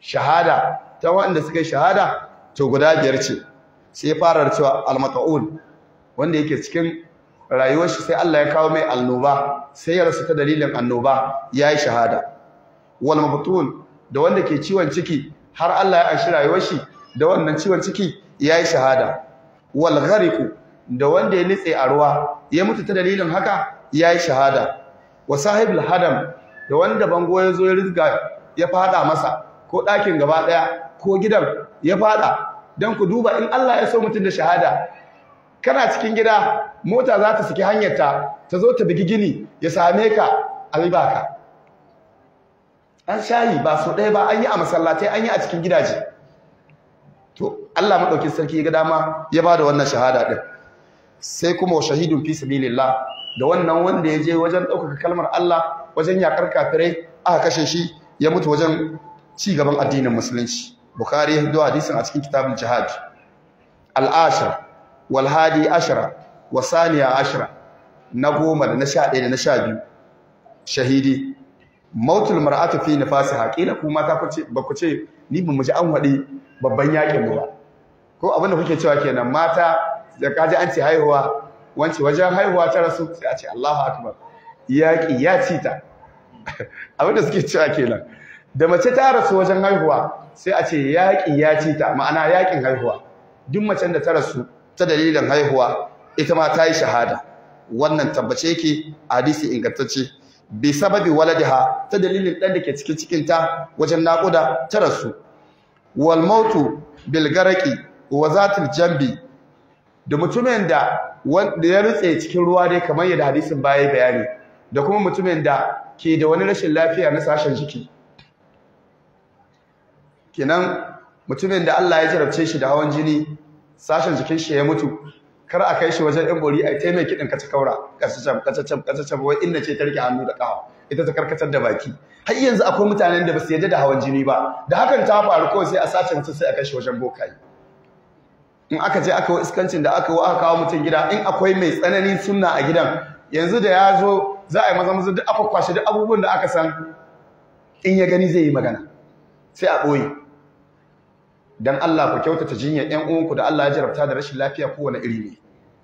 shahada ta wanda suka yi shahada to guda biyar ce sai ya fara cewa al wanda yake cikin rayuwar shi sai Allah ya kawo mai annoba sai ya rasu ta dalilin annoba yayi shahada wal mabtun da wanda ke ciwon ciki har Allah ya ashi rayuwar shi da wannan ciwon ciki yayi shahada wal ghariq da wanda ya nitse a ruwa ya mutu ta dalilin haka yayi shahada wa sahibul hadam da wanda bango ya zo ya rizga ya fada masa ko dakin gaba ɗaya ko gidan ya fada dan ku duba in Allah ya so mutum da shahada kana cikin gida mota za ta saki hanyarta ta zo ta bigi gini ya same ka a ka an shayi ba so ɗaya ba an yi a masallatai an yi a cikin gidaje to Allah maɗaukin sarki ya ga dama ya ba da wannan shahada ɗin sai kuma shahidun fi sabilillah da wannan wanda ya je wajen ɗaukaka kalmar Allah wajen yakar kafirai aka kashe shi ya mutu wajen ci gaban addinin musulunci bukhari ya hiddo hadisin a cikin kitabul jihad al Walhadi hadi ashara wa saniya ashara na goma da na sha ɗaya da na sha biyu shahidi mautul mar'atu fi nifasiha kila ku mata ku ce ba ku ce ni ba mu an waɗi babban yakin mu ba ko abinda kuke cewa kenan mata da kaji an ce haihuwa wance wajen haihuwa ta rasu sai a ce Allahu akbar yaƙi ya ci ta (laughs) abin da suke cewa kenan da mace ta rasu wajen haihuwa sai a ce yaƙi ya ci ta ma'ana yaƙin haihuwa duk macen da ta rasu ta dalilin haihuwa ita ma ta yi shahada wannan tabbace yake hadisi ingantacce bi sababi waladiha ta dalilin ɗan da ke cikin cikin wajen naƙuda ta rasu wal mautu bil garaki wa zatil jambi da mutumin da wanda ya rutse cikin ruwa dai kamar yadda hadisin baya bayani da kuma mutumin da ke da wani rashin lafiya na sashen jiki kenan mutumin da Allah ya jarabce shi da hawan jini sashen jikin shi ya mutu kar a kai shi wajen yan bori a taimaki kiɗin kaca kaura kasacam kasacam kasacam wai inna ce ta rike hannu da ƙawa, ita ta karkatar da baki har yanzu akwai mutanen da ba su yarda da hawan jini ba da hakan ta faru kawai sai a sashen mutum sai a kai shi wajen bokai in aka je aka yi iskancin da aka yi aka kawo mutum gida in akwai mai tsanani sunna a gidan yanzu da ya zo za a yi maza maza duk aka kwashe duk abubuwan da aka san in ya gani zai yi magana sai a ɓoye dan Allah ku kyautata jinyar ƴan uwanku da Allah ya jarabta da rashin lafiya kowane iri ne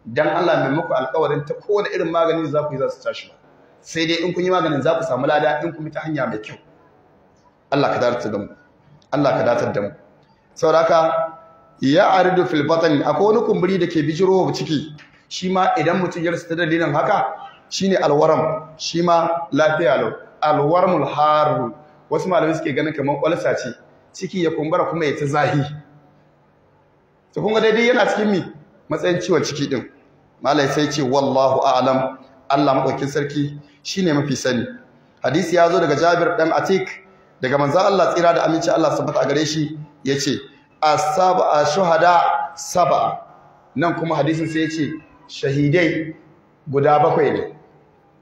dan Allah mai muku alƙawarin ta kowane irin magani za ku yi za su tashi ba sai dai in kun yi maganin za ku samu lada in kun bi ta hanya mai kyau Allah ka datar da mu Allah ka datar da mu sauraka ya aridu fil batn akwai wani kumburi da ke bijiro wa ciki shi ma idan mutum ya rasa ta dalilin haka shine alwaram shi ma lafiya lau alwarmul haru wasu malamai suke ganin kamar kwalsa ce ciki ya kumbura kuma ya ta zahi to kun ga daidai yana cikin mi matsayin ciwon ciki din malai sai ce wallahu a'lam Allah maɗaukin sarki shi ne mafi sani hadisi ya zo daga Jabir dan Atik daga manzo Allah tsira da aminci Allah subhanahu a gare shi yace as-sab'a shuhada sab'a nan kuma hadisin sai yace shahidai guda bakwai ne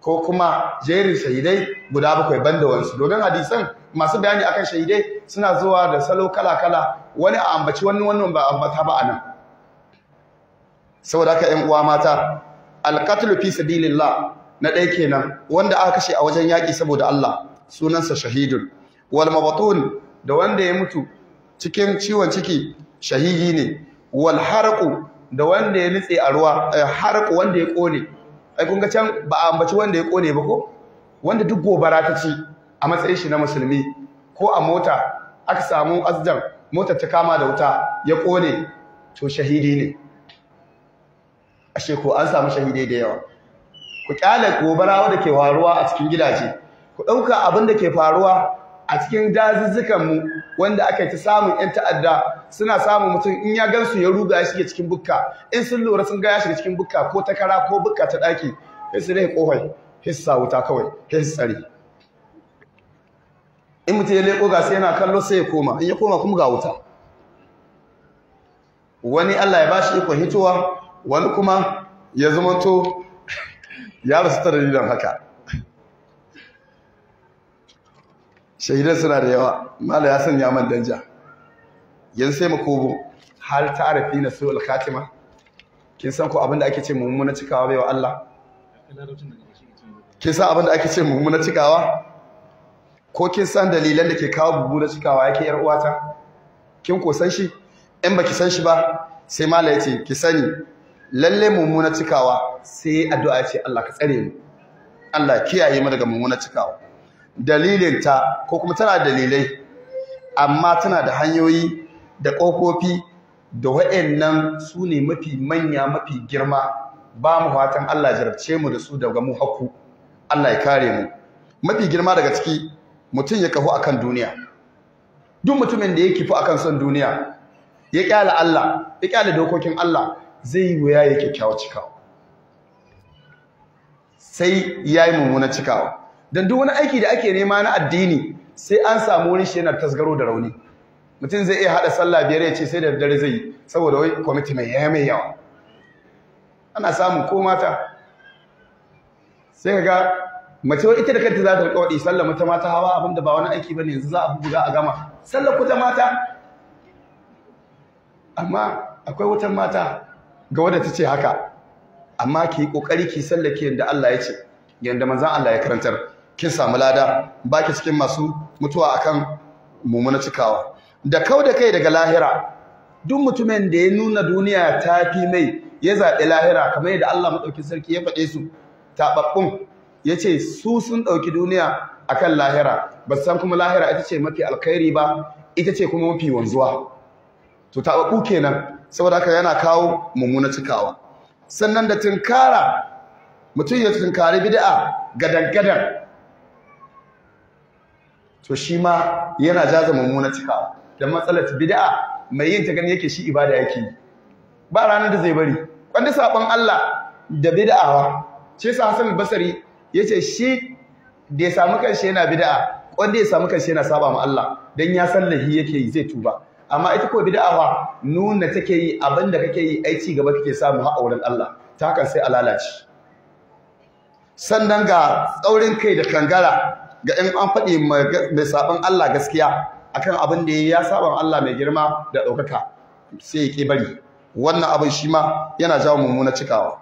ko kuma jerin shahidai guda bakwai banda wansu domin hadisan masu bayani akan shahidai suna zuwa da salo kala-kala wani a ambaci wani wannan ba ambata ba anan saboda aka ƴan uwa mata alqatlu fi sabilillah na ɗaya kenan wanda aka kashe a wajen yaƙi saboda Allah sunansa shahidun wal mabatun da wanda ya mutu cikin ciwon ciki shahidi ne wal harqu da wanda ya nitse a ruwa eh, harqu wanda ya kone ai kun ga can ba a ambaci wanda ya kone ba ko wanda duk gobara ta ci a matsayin shi na musulmi ko a mota aka samu azdan mota ta kama da wuta ya kone to shahidi ne ashe ko an samu shahidi da yawa ku kyale gobara da ke faruwa a cikin gidaje ku ɗauka abin da ke faruwa a cikin dazuzzukanmu wanda aka yi ta samun 'yan ta'adda suna samun mutum in ya gansu ya ruga ya shiga cikin bukka in sun lura sun gaya ya shiga cikin bukka ko takara ko bukka ta ɗaki sai su rai kohai hissa wuta kawai hissari in mutum ya leko ga sai yana kallo sai ya koma in ya koma kuma ga wuta wani Allah ya bashi ikon hitowa wani kuma ya zamanto ya rasu ta dalilan haka shahidan suna da yawa mala ya sanya man danja yanzu sai mu kobo hal ta'arifi na su al-khatima kin san ko abinda ake ce mummuna cikawa baiwa Allah kin san abinda ake ce mummuna cikawa ko kin san dalilan da ke kawo bugu na cikawa yake yar uwata kin ko san shi in baki san shi ba sai mala yace ki sani lalle mummuna cikawa sai addu'a ce Allah ka tsare mu Allah kiyaye mu daga mummuna cikawa dalilin ta ko kuma tana dalilai amma tana da hanyoyi da kokofi da waɗannan su ne mafi manya mafi girma ba mu fatan Allah jarabce mu da su daga mu haku Allah ya kare mu mafi girma daga ciki mutum ya kafu akan duniya duk mutumin da ya kifu akan son duniya ya kyala Allah ya kyala dokokin Allah zai yi wuya ya kyakkyawa cikawa sai ya yi mummuna cikawa don duk wani aiki da ake nema na addini sai an samu wani shi yana tasgaro da rauni mutum zai iya haɗa sallah biyar ya ce sai da dare zai yi saboda wai kwamiti mai yaya mai yawa ana samun ko mata sai ka ga mace wai ita da kanta za ta riƙa waɗi sallar mata mata hawa abin da ba wani aiki ba yanzu za a buga a gama sallar kuta mata amma akwai wutan mata ga wadda ta ce haka amma ki ƙoƙari ki sallake yadda Allah ya ce yadda manzan Allah ya karantar kin samu lada ba ki cikin masu mutuwa akan mummuna cikawa da kau da kai daga lahira duk mutumin da ya nuna duniya ta fi mai ya zaɓi lahira kamar yadda Allah maɗaukin sarki ya faɗe su taɓaɓɓun ya ce su sun ɗauki duniya a kan lahira ba san kuma lahira ita ce mafi alkhairi ba ita ce kuma mafi wanzuwa to taɓaɓɓu kenan saboda haka yana kawo mummuna cikawa sannan da tunkara mutum ya tunkari bid'a gadan-gadan to shi ma yana jaza mummuna cikawa Da matsalar bid'a mai yin ta gani yake shi ibada yake ba ranar da zai bari wanda sabon Allah da bid'awa ce sa Hassan Basari Ya ce shi da ya samu kanshi yana bida'a wanda ya samu kanshi yana saba ma Allah dan ya san lahi yake yi zai tuba amma ita ko bida'a wa nuna take yi abinda kake yi ai ci gaba kake samu har auren Allah ta hakan sai a lalace sannan ga tsaurin kai da kangara ga in an faɗi mai saɓan Allah gaskiya akan abin da ya saban Allah mai girma da ɗaukaka sai ya bari wannan abin shi ma yana jawo mummuna cikawa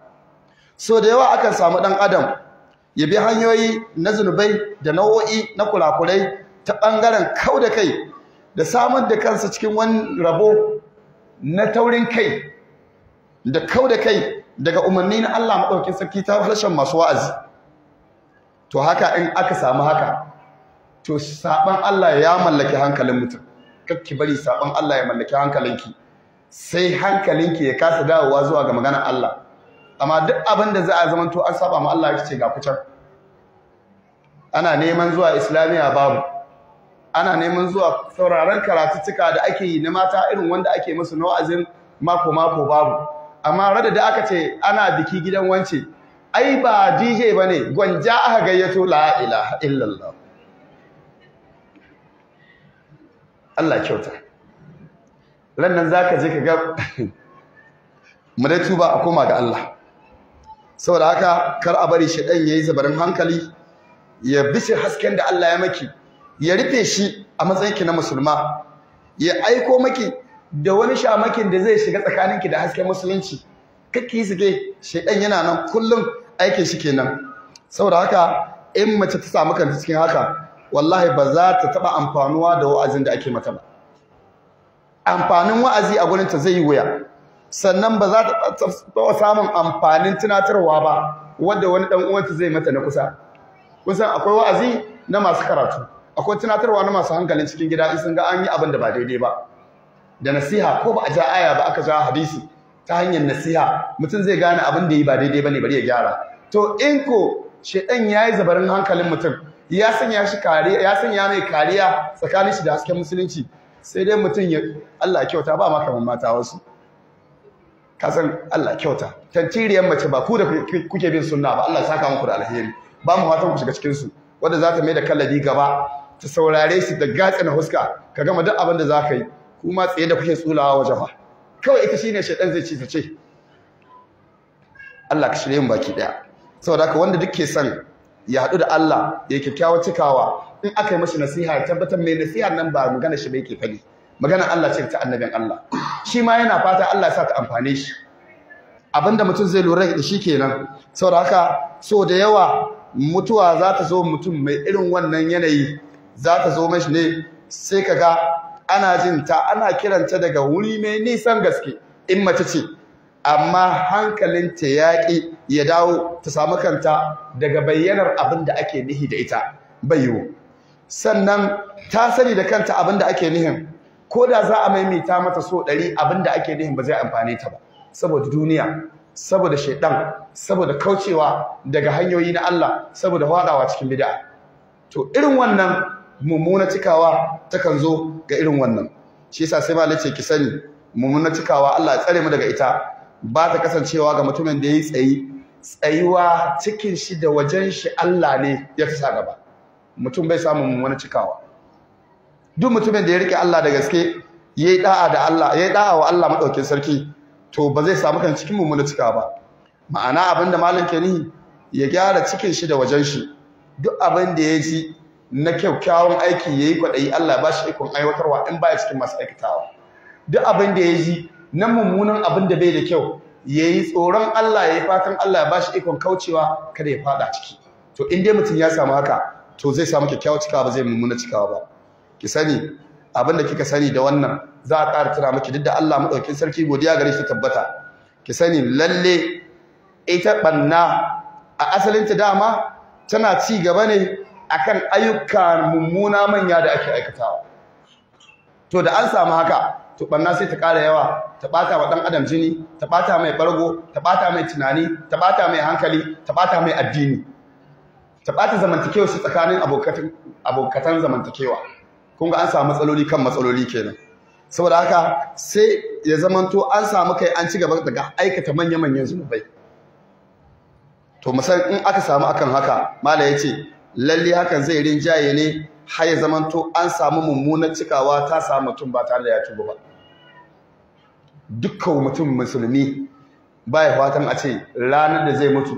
so da yawa akan samu ɗan adam ya bi hanyoyi na zunubai da nau'o'i na kurakurai ta ɓangaren kau da kai da samun da kansa cikin wani rabo na taurin kai da kau da kai daga umarni na Allah maɗaukin sarki ta harshen masu wa'azi to haka in aka samu haka to saɓan Allah ya mallaki hankalin mutum kakki bari saɓan Allah ya mallaki hankalinki sai hankalinki ya kasa dawowa zuwa ga maganar Allah amma duk abin da za a zama to an saba ma Allah yake ga fitar ana neman zuwa islamiya babu ana neman zuwa sauraron tuka da ake yi na mata irin wanda ake musu nau'azin mako mako babu amma rada da aka ce ana biki gidan wance ai ba DJ bane gwanja aka gayyato la ilaha illallah Allah kyauta nan zaka je ka ga (laughs) mu dai tuba a koma ga Allah saboda haka kar a bari shi ya yayi zabarin hankali ya bishi hasken da Allah ya maki ya rufe shi a matsayin ki na musulma ya aiko maki da wani shamakin da zai shiga tsakanin ki da hasken musulunci kake suke shaidan yana nan kullum aikin shi kenan saboda haka in mace ta samu kanta cikin haka wallahi ba za ta taba amfanuwa da wa'azin da ake mata ba amfanin wa'azi a gurin ta zai yi wuya sannan ba za ta taɓa samun amfanin tunatarwa ba wanda wani dan uwanta zai mata na kusa kusan akwai wa'azi na masu karatu akwai tunatarwa na masu hankalin cikin gida in sun ga an yi abin da ba daidai ba da nasiha ko ba a ja aya ba aka ja hadisi ta hanyar nasiha mutum zai gane abin da yi ba daidai ba ne, bari ya gyara to in ko ya yi zabarin hankalin mutum ya sanya shi kariya ya sanya mai kariya tsakanin shi da hasken musulunci sai dai mutum ya Allah ya kyauta ba ma mata wasu kasan Allah kyauta tantiriyar mace ba ku da kuke bin sunna ba Allah saka muku da alheri ba mu fatan ku shiga cikin su wanda za ta mai da kallabi gaba ta saurare su da gatsa huska ka gama duk abin da za ka yi kuma tsaye da kuke tsulawa waje jama'a kawai ita shine shaidan zai ci ta ce Allah ka shirye mu baki daya saboda haka wanda duk ke son ya haɗu da Allah ya kyakkyawa cikawa in aka yi mashi nasiha tabbatar mai nasiha nan ba magana shi bai ke fali magana Allah ce ta annabin Allah shi ma yana fata Allah ya sa ta amfane shi abinda mutum zai lura da shi kenan saboda haka so da yawa mutuwa za ta zo mutum mai irin wannan yanayi za ta zo mashi ne sai kaga ana jin ta ana kiranta daga wuri mai nisan gaske in mace ce amma hankalin ta yaƙi ya dawo ta samu kanta daga bayyanar abin da ake nihi da ita bai yiwu sannan ta sani da kanta abin da ake nihin ko da za a maimaita mata so ɗari abinda ake nihin ba zai amfane ta ba saboda duniya saboda shaidan saboda kaucewa daga hanyoyi na Allah saboda hwadawa cikin bid'a to irin wannan mummuna cikawa takan zo ga irin wannan shi yasa sai malai ce ki sani mummuna cikawa Allah ya tsare mu daga ita ba ta kasancewa ga mutumin da ya yi tsayi tsayuwa cikin shi da wajen shi Allah ne ya fi sa gaba mutum bai samu mummuna cikawa duk mutumin da ya rike Allah da gaske yayi da'a da Allah yayi da'a wa Allah maɗauke sarki to ba zai samu kan cikin mummuna cika ba ma'ana abinda malam ke nihi ya gyara cikin shi da wajen shi duk abin da ya ji na kyakkyawan aiki yayi kwadayi Allah ba shi ikon aiwatarwa in ba ya cikin masu aikatawa duk abin da ya ji na mummunan abin da bai da kyau yayi tsoron Allah yayi fatan Allah ya ba shi ikon kaucewa kada ya fada ciki to in dai mutum ya samu haka to zai samu kyakkyawa cika ba zai mummuna cikawa ba ki sani abinda kika sani da wannan za a ƙara tana miki duk da Allah maɗaukin sarki godiya gare shi tabbata ki sani lalle ita banna a asalin ta dama tana ci gaba ne akan ayyuka mummuna manya da ake aikatawa to da an samu haka to banna sai ta ƙara yawa ta ɓata wa ɗan adam jini ta ɓata mai bargo ta ɓata mai tunani ta ɓata mai hankali ta ɓata mai addini ta ɓata zamantakewa su tsakanin abokatan zamantakewa kun ga an samu matsaloli kan matsaloli kenan saboda haka sai ya zamanto an samu kai an ci gaba daga aikata manya-manyan zunubai to musan in aka samu akan haka mala ya ce lalle hakan zai rinjaye ne har ya zamanto an samu mummunan cikawa ta samu mutum ba tare da ya tuba ba dukkan mutum musulmi ba ya fatan a ce ranar da zai mutu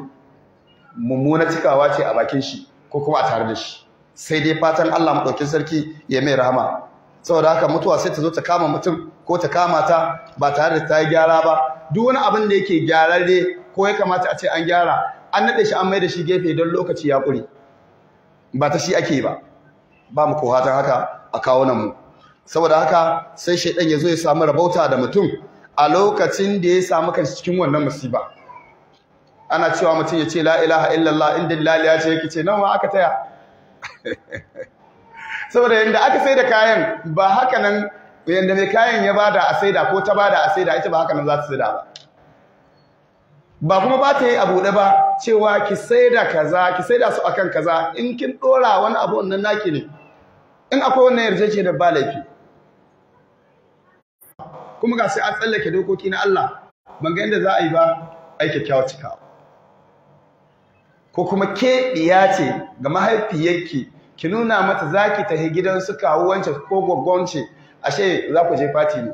mummunan cikawa ce a bakin shi ko kuma a tare da shi sai dai fatan Allah madaukin sarki ya mai rahama saboda haka mutuwa sai ta zo ta kama mutum ko ta kama ta ba tare da ta yi gyara ba duk wani abin da yake gyararre ko ya kamata a ce an gyara an naɗe shi an mai da shi gefe don lokaci ya ƙure ba ta shi ake ba ba mu kohatan haka a kawo mu saboda haka sai shaidan ya zo ya samu rabauta da mutum a lokacin da ya samu kan cikin wannan musiba ana cewa mutum ya ce la ilaha illallah inda lillahi ya ce yake ce nan ma aka taya (laughs) saboda yadda aka sai da kayan ba haka nan yadda mai kayan ya bada a saida ko ta bada a saida ita ba haka nan za ta saida ba ba kuma ba ta yi abu da ba cewa ki saida kaza ki saida su akan kaza in kin dora wani abu wannan naki ne in akwai wannan yarjeje da ba kuma ga sai an tsallake dokoki na Allah ban ga yadda za a yi ba ai kyakkyawa cikawa ko kuma ke ce ga mahaifiyarki ki nuna mata za zaki tafi gidan su kawo wance ko gwaggwance ashe za ku je fati ne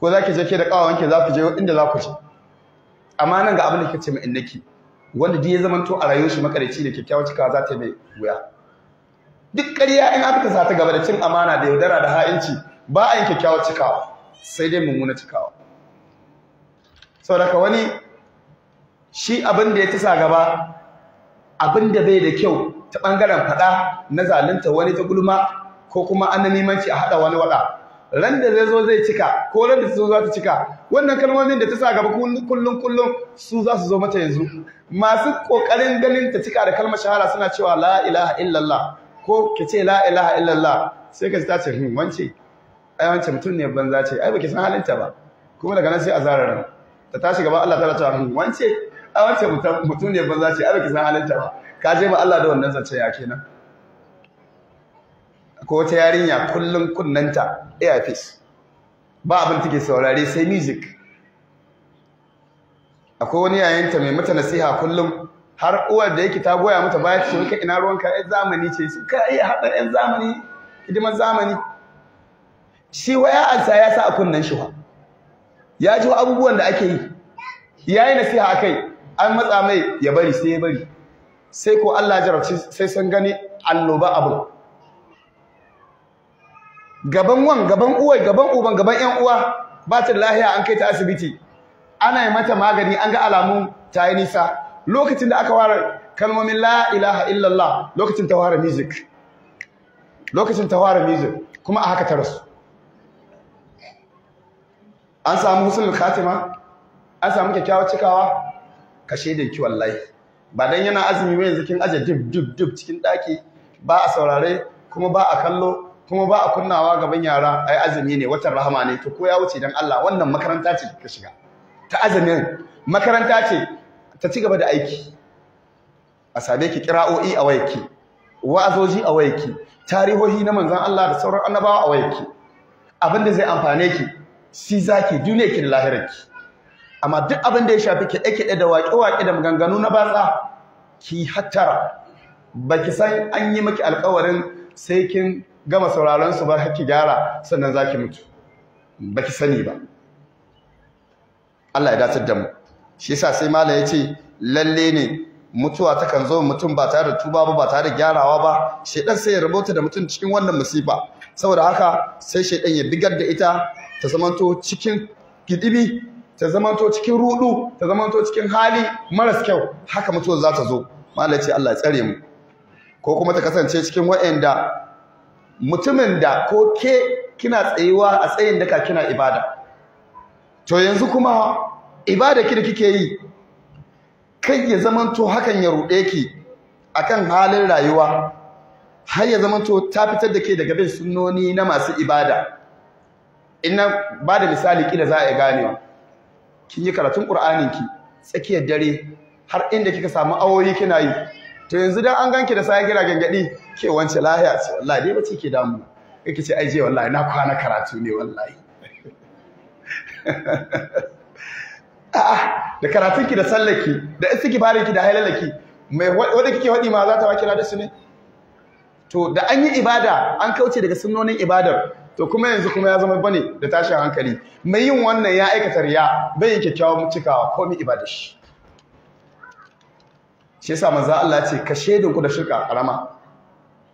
ko za ki je ke da ƙawawanki za ku je inda za ku je amma nan ga abin da kike ce mai innaki wanda duk ya zamanto a rayuwar shi makarici da kyakkyawar cikawa za ta mai wuya duk karya in aka sa ta gaba da cin amana da yaudara da ha'inci ba a yin kyakkyawar cikawa sai dai mummuna cikawa saboda ka wani shi abin da ya sa gaba abin da bai da kyau ta bangaren fada na zalunta wani ta gulma ko kuma an shi a hada wani wada ran da zai zo zai cika ko ran da su za ta cika wannan kalmomin da ta sa gaba kullum kullum su za su zo mata yanzu masu kokarin ganin ta cika da kalmar shahara suna cewa la ilaha illallah ko ki ce la ilaha illallah sai ka ta ce hmm, wance ai wance mutum ne banza ce ai baki san halinta ba kuma daga nan sai a ta tashi gaba Allah ta ta hmm, wance a wace mutum ne banza ce abin kisan halinta ba ka je ma Allah da wannan zance ya ke nan. ko wata yarinya kullum kunnanta earpiece ba abin take saurare sai music akwai wani yayinta mai mata nasiha kullum har uwar da yake ta goya mata baya ta shirka ina ruwanka yan zamani ce su ka iya haɗa yan zamani hidimar zamani shi waya ansa ya sa a kunnen shi ya ji abubuwan da ake yi ya yi nasiha a kai an matsa mai ya bari sai ya bari sai ko Allah ya jarabci sai san gani annoba abu gaban wan gaban uwai gaban uban gaban yan uwa ba ta lahiya an kai ta asibiti ana yi mata magani an ga alamun ta yi nisa lokacin da aka ware kalmomin la ilaha illallah lokacin ta ware music lokacin ta ware music kuma a haka ta rasu an samu husnul khatima an samu kyakkyawar cikawa Kashe shaida ki wallahi ba dan yana azumi wayan zikin aje dub dub dub cikin daki ba a saurare kuma ba a kallo kuma ba a kunnawa gaban yara ai azumi ne watan rahama ne to ko ya wuce dan Allah wannan makaranta ce ka shiga ta azumin makaranta ce ta ci gaba da aiki a same ki kira'o'i a wayarki wa'azoji a wayarki tarihohi na manzon Allah da sauran annabawa a wayarki abinda zai amfane ki si zaki duniyarki da ki. amma duk abin da ya shafi kiɗe-kiɗe da waƙe-waƙe da maganganu na batsa ki hattara ba ki san an yi maki alƙawarin sai kin gama sauraron su ba ki gyara sannan za ki mutu ba ki sani ba Allah ya dace da mu shi yasa sai Malam ya ce lalle ne mutuwa ta kan zo mutum ba tare da tuba ba ba tare da gyarawa ba shedan sai ya rubuta da mutum cikin wannan musiba saboda haka sai shedan ya bigar da ita ta zamanto cikin kidibi ta zamanto cikin rudu ta zamanto cikin hali maras kyau haka mutuwar za ta zo malaci Allah ya tsare mu ko kuma ta kasance cikin wa'anda mutumin da ko ke kina tsayuwa a tsayin daka kina ibada to yanzu kuma ibada ki da kike yi kai ya zamanto hakan ya rude ki akan halin rayuwa har ya zamanto ta fitar da ke daga bin sunnoni na masu ibada ina ba da misali kila za a ganewa kin yi karatun Qur'anin ki tsakiyar dare har inda kika samu awoyi kina yi to yanzu dan an ganki da sai kira gangadi ke wance lahiya ce wallahi dai bace ke damu kike ce ai je wallahi na kwana karatu ne wallahi (laughs) a'a da karatun ki da sallaki da istighfarin ki da halalaki mai wanda kike wadi ma za ta wakira da su ne to da an yi ibada an kauce daga sunnonin ibadar to kuma yanzu kuma ya zama bane da tashin hankali mai yin wannan ya aikata riya bai yin kyakkyawan cikawa komai ibada shi shi yasa manzo Allah ce ka shedin ku da shirka karama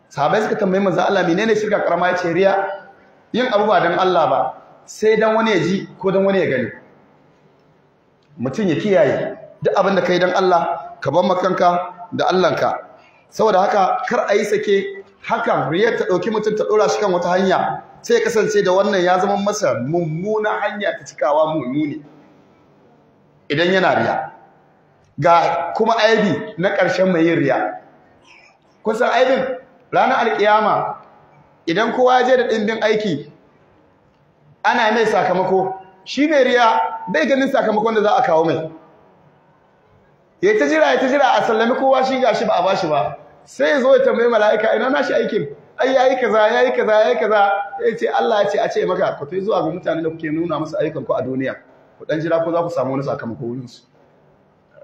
sahabbai suka tambayi manzo Allah menene shirka karama ce riya yin abu ba dan Allah ba sai dan wani ya ji ko dan wani ya gani mutum ya kiyaye duk abin da kai dan Allah ka bar makanka da Allahnka saboda haka kar a yi sake hakan riyar ta ɗauki mutum ta ɗora shi kan wata hanya sai kasance da wannan ya zama masa mummuna hanya ta cikawa mummuni idan yana riya ga kuma aibi na ƙarshen mai yin riya kusan aibin ranar alƙiyama idan kowa ya je da ɗimbin aiki ana mai sakamako shi mai riya bai ganin sakamakon da za a kawo mai ya ta jira ya ta jira a sallami kowa shi gashi ba a bashi ba sai ya zo ya tambayi mala'ika ina na shi aikin ai yayi kaza yayi kaza yayi kaza ya ce Allah ya ce a ce maka ku tafi zuwa ga mutane da kuke nuna musu ayyukan ku a duniya ku dan jira ko za ku samu wani sakamako wurin su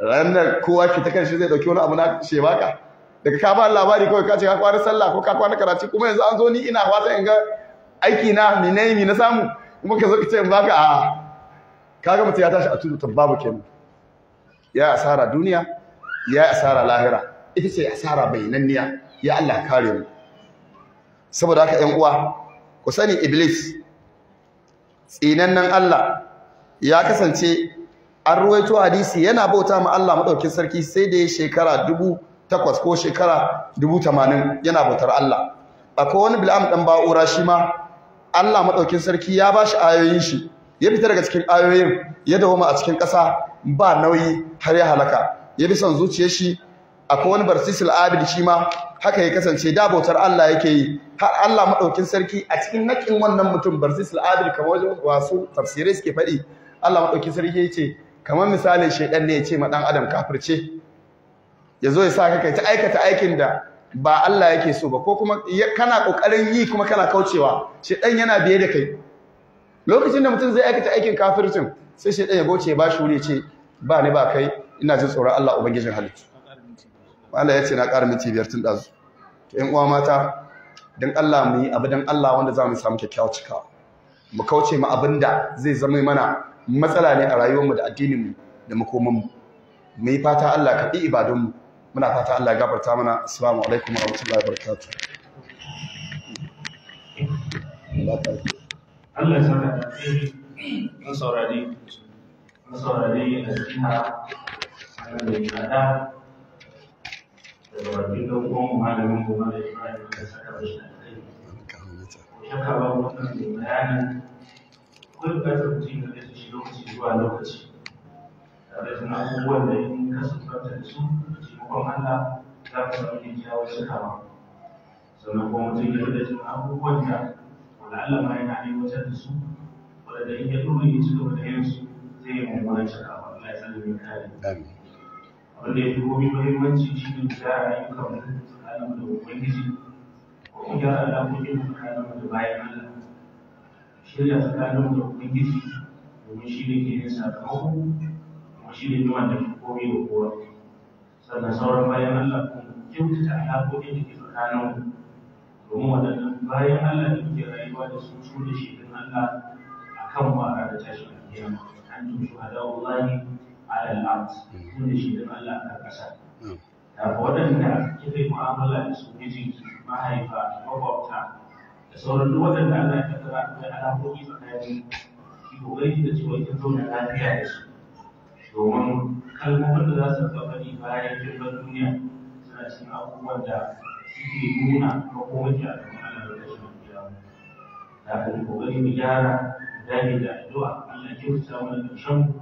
ranar kowa ki ta kanshi zai dauki wani abu na she baka daga ka ba labari kawai ka ce ka kwana sallah ko ka kwana karatu kuma yanzu an zo ni ina fata in ga aiki na ne mi na samu kuma ka zo ka ce in baka a kaga mutum ya tashi a tudu tabbabu kenan ya asara duniya ya asara lahira ita ce asara bainanniya ya Allah kare mu saboda haka yan uwa ku sani iblis tsinannen Allah ya kasance an ruwaito hadisi yana bauta ma Allah madaukin sarki sai da ya shekara dubu takwas ko shekara dubu tamanin yana bautar Allah akwai wani bil'am dan ba'ura shi ma Allah maɗaukin sarki ya bashi ayoyin shi ya fita daga cikin ayoyin ya ma a cikin ƙasa ba nauyi har ya halaka ya bi son zuciyar shi akwai wani barsisul abid shi ma haka ya kasance da bautar Allah yake yi har Allah madaukin sarki a cikin nakin wannan mutum barsisul abid kamar wajen wasu tafsirai suke faɗi Allah madaukin sarki ya ce kamar misalin shaidan ne ya ce ma dan adam kafirce ya zo ya sa ka kai ta aikata aikin da ba Allah yake so ba ko kuma kana kokarin yi kuma kana kaucewa shaidan yana biye da kai lokacin da mutum zai aikata aikin kafircin sai shaidan ya goce ba shi wuri ce ba ni ba kai ina jin tsoron Allah ubangijin halittu Allah ya ce na ƙara minti biyar tun ɗazu to yan uwa mata don Allah mu yi abu don Allah wanda za mu samu kyakkyawar cika mu kauce ma abin da zai zama mana matsala ne a rayuwarmu da addininmu da makomanmu mu yi fata Allah ka ɗi ibadunmu muna fata Allah ya gafarta mana assalamu alaikum wa rahmatullahi wa barakatuh Allah ya sa da mun saurari mun saurari nasiha da ibada daga bakin ɗan uwan malamin mu mala Ibrahim ka saka mishi alkhairi shakka ba wannan mai bayanin akwai buƙatar mutum ya rage zuwa lokaci tare da abubuwan da in ka sufanta da su da taimakon Allah za ka samu kyakkyawar sannan kuma mutum ya rage abubuwan da wanda Allah ma yana aiwatar da su waɗanda in ya ɗora ya ci gaba da yin su zai yi mummunan cikawa Allah ya tsare mai kare. wanda ya fi komi muhimmanci shi ne da ayyukan mu tsakanin mu da ubangiji ko ya alaƙoƙin mu tsakanin da bayan Allah shirya tsakanin mu da ubangiji domin shi ne ke yin sakamako kuma shi ne yawan da fi komi da kowa sannan sauran bayan Allah kuma kyautata alaƙoƙin da ke tsakanin domin waɗannan bayan Allah da ke rayuwa da su su da shi Allah a kan mara da tashin kiyama an tushu hadawallahi alal ard wanda shi da Allah a karkasa da waɗanda kika yi mu'amala da su mijinki mahaifa makwabta da sauran duk waɗanda Allah ya kaddara akwai alaƙoƙi tsakanin ki kokari da cewa kin zauna lafiya da su domin kalmomin da za su gabani bayan kin duniya suna cikin abubuwan da suke nuna makomanci a cikin Allah da rashin kiyama da ka kokari mu gyara dage da addu'a Allah ya kyauta mana ƙarshen mu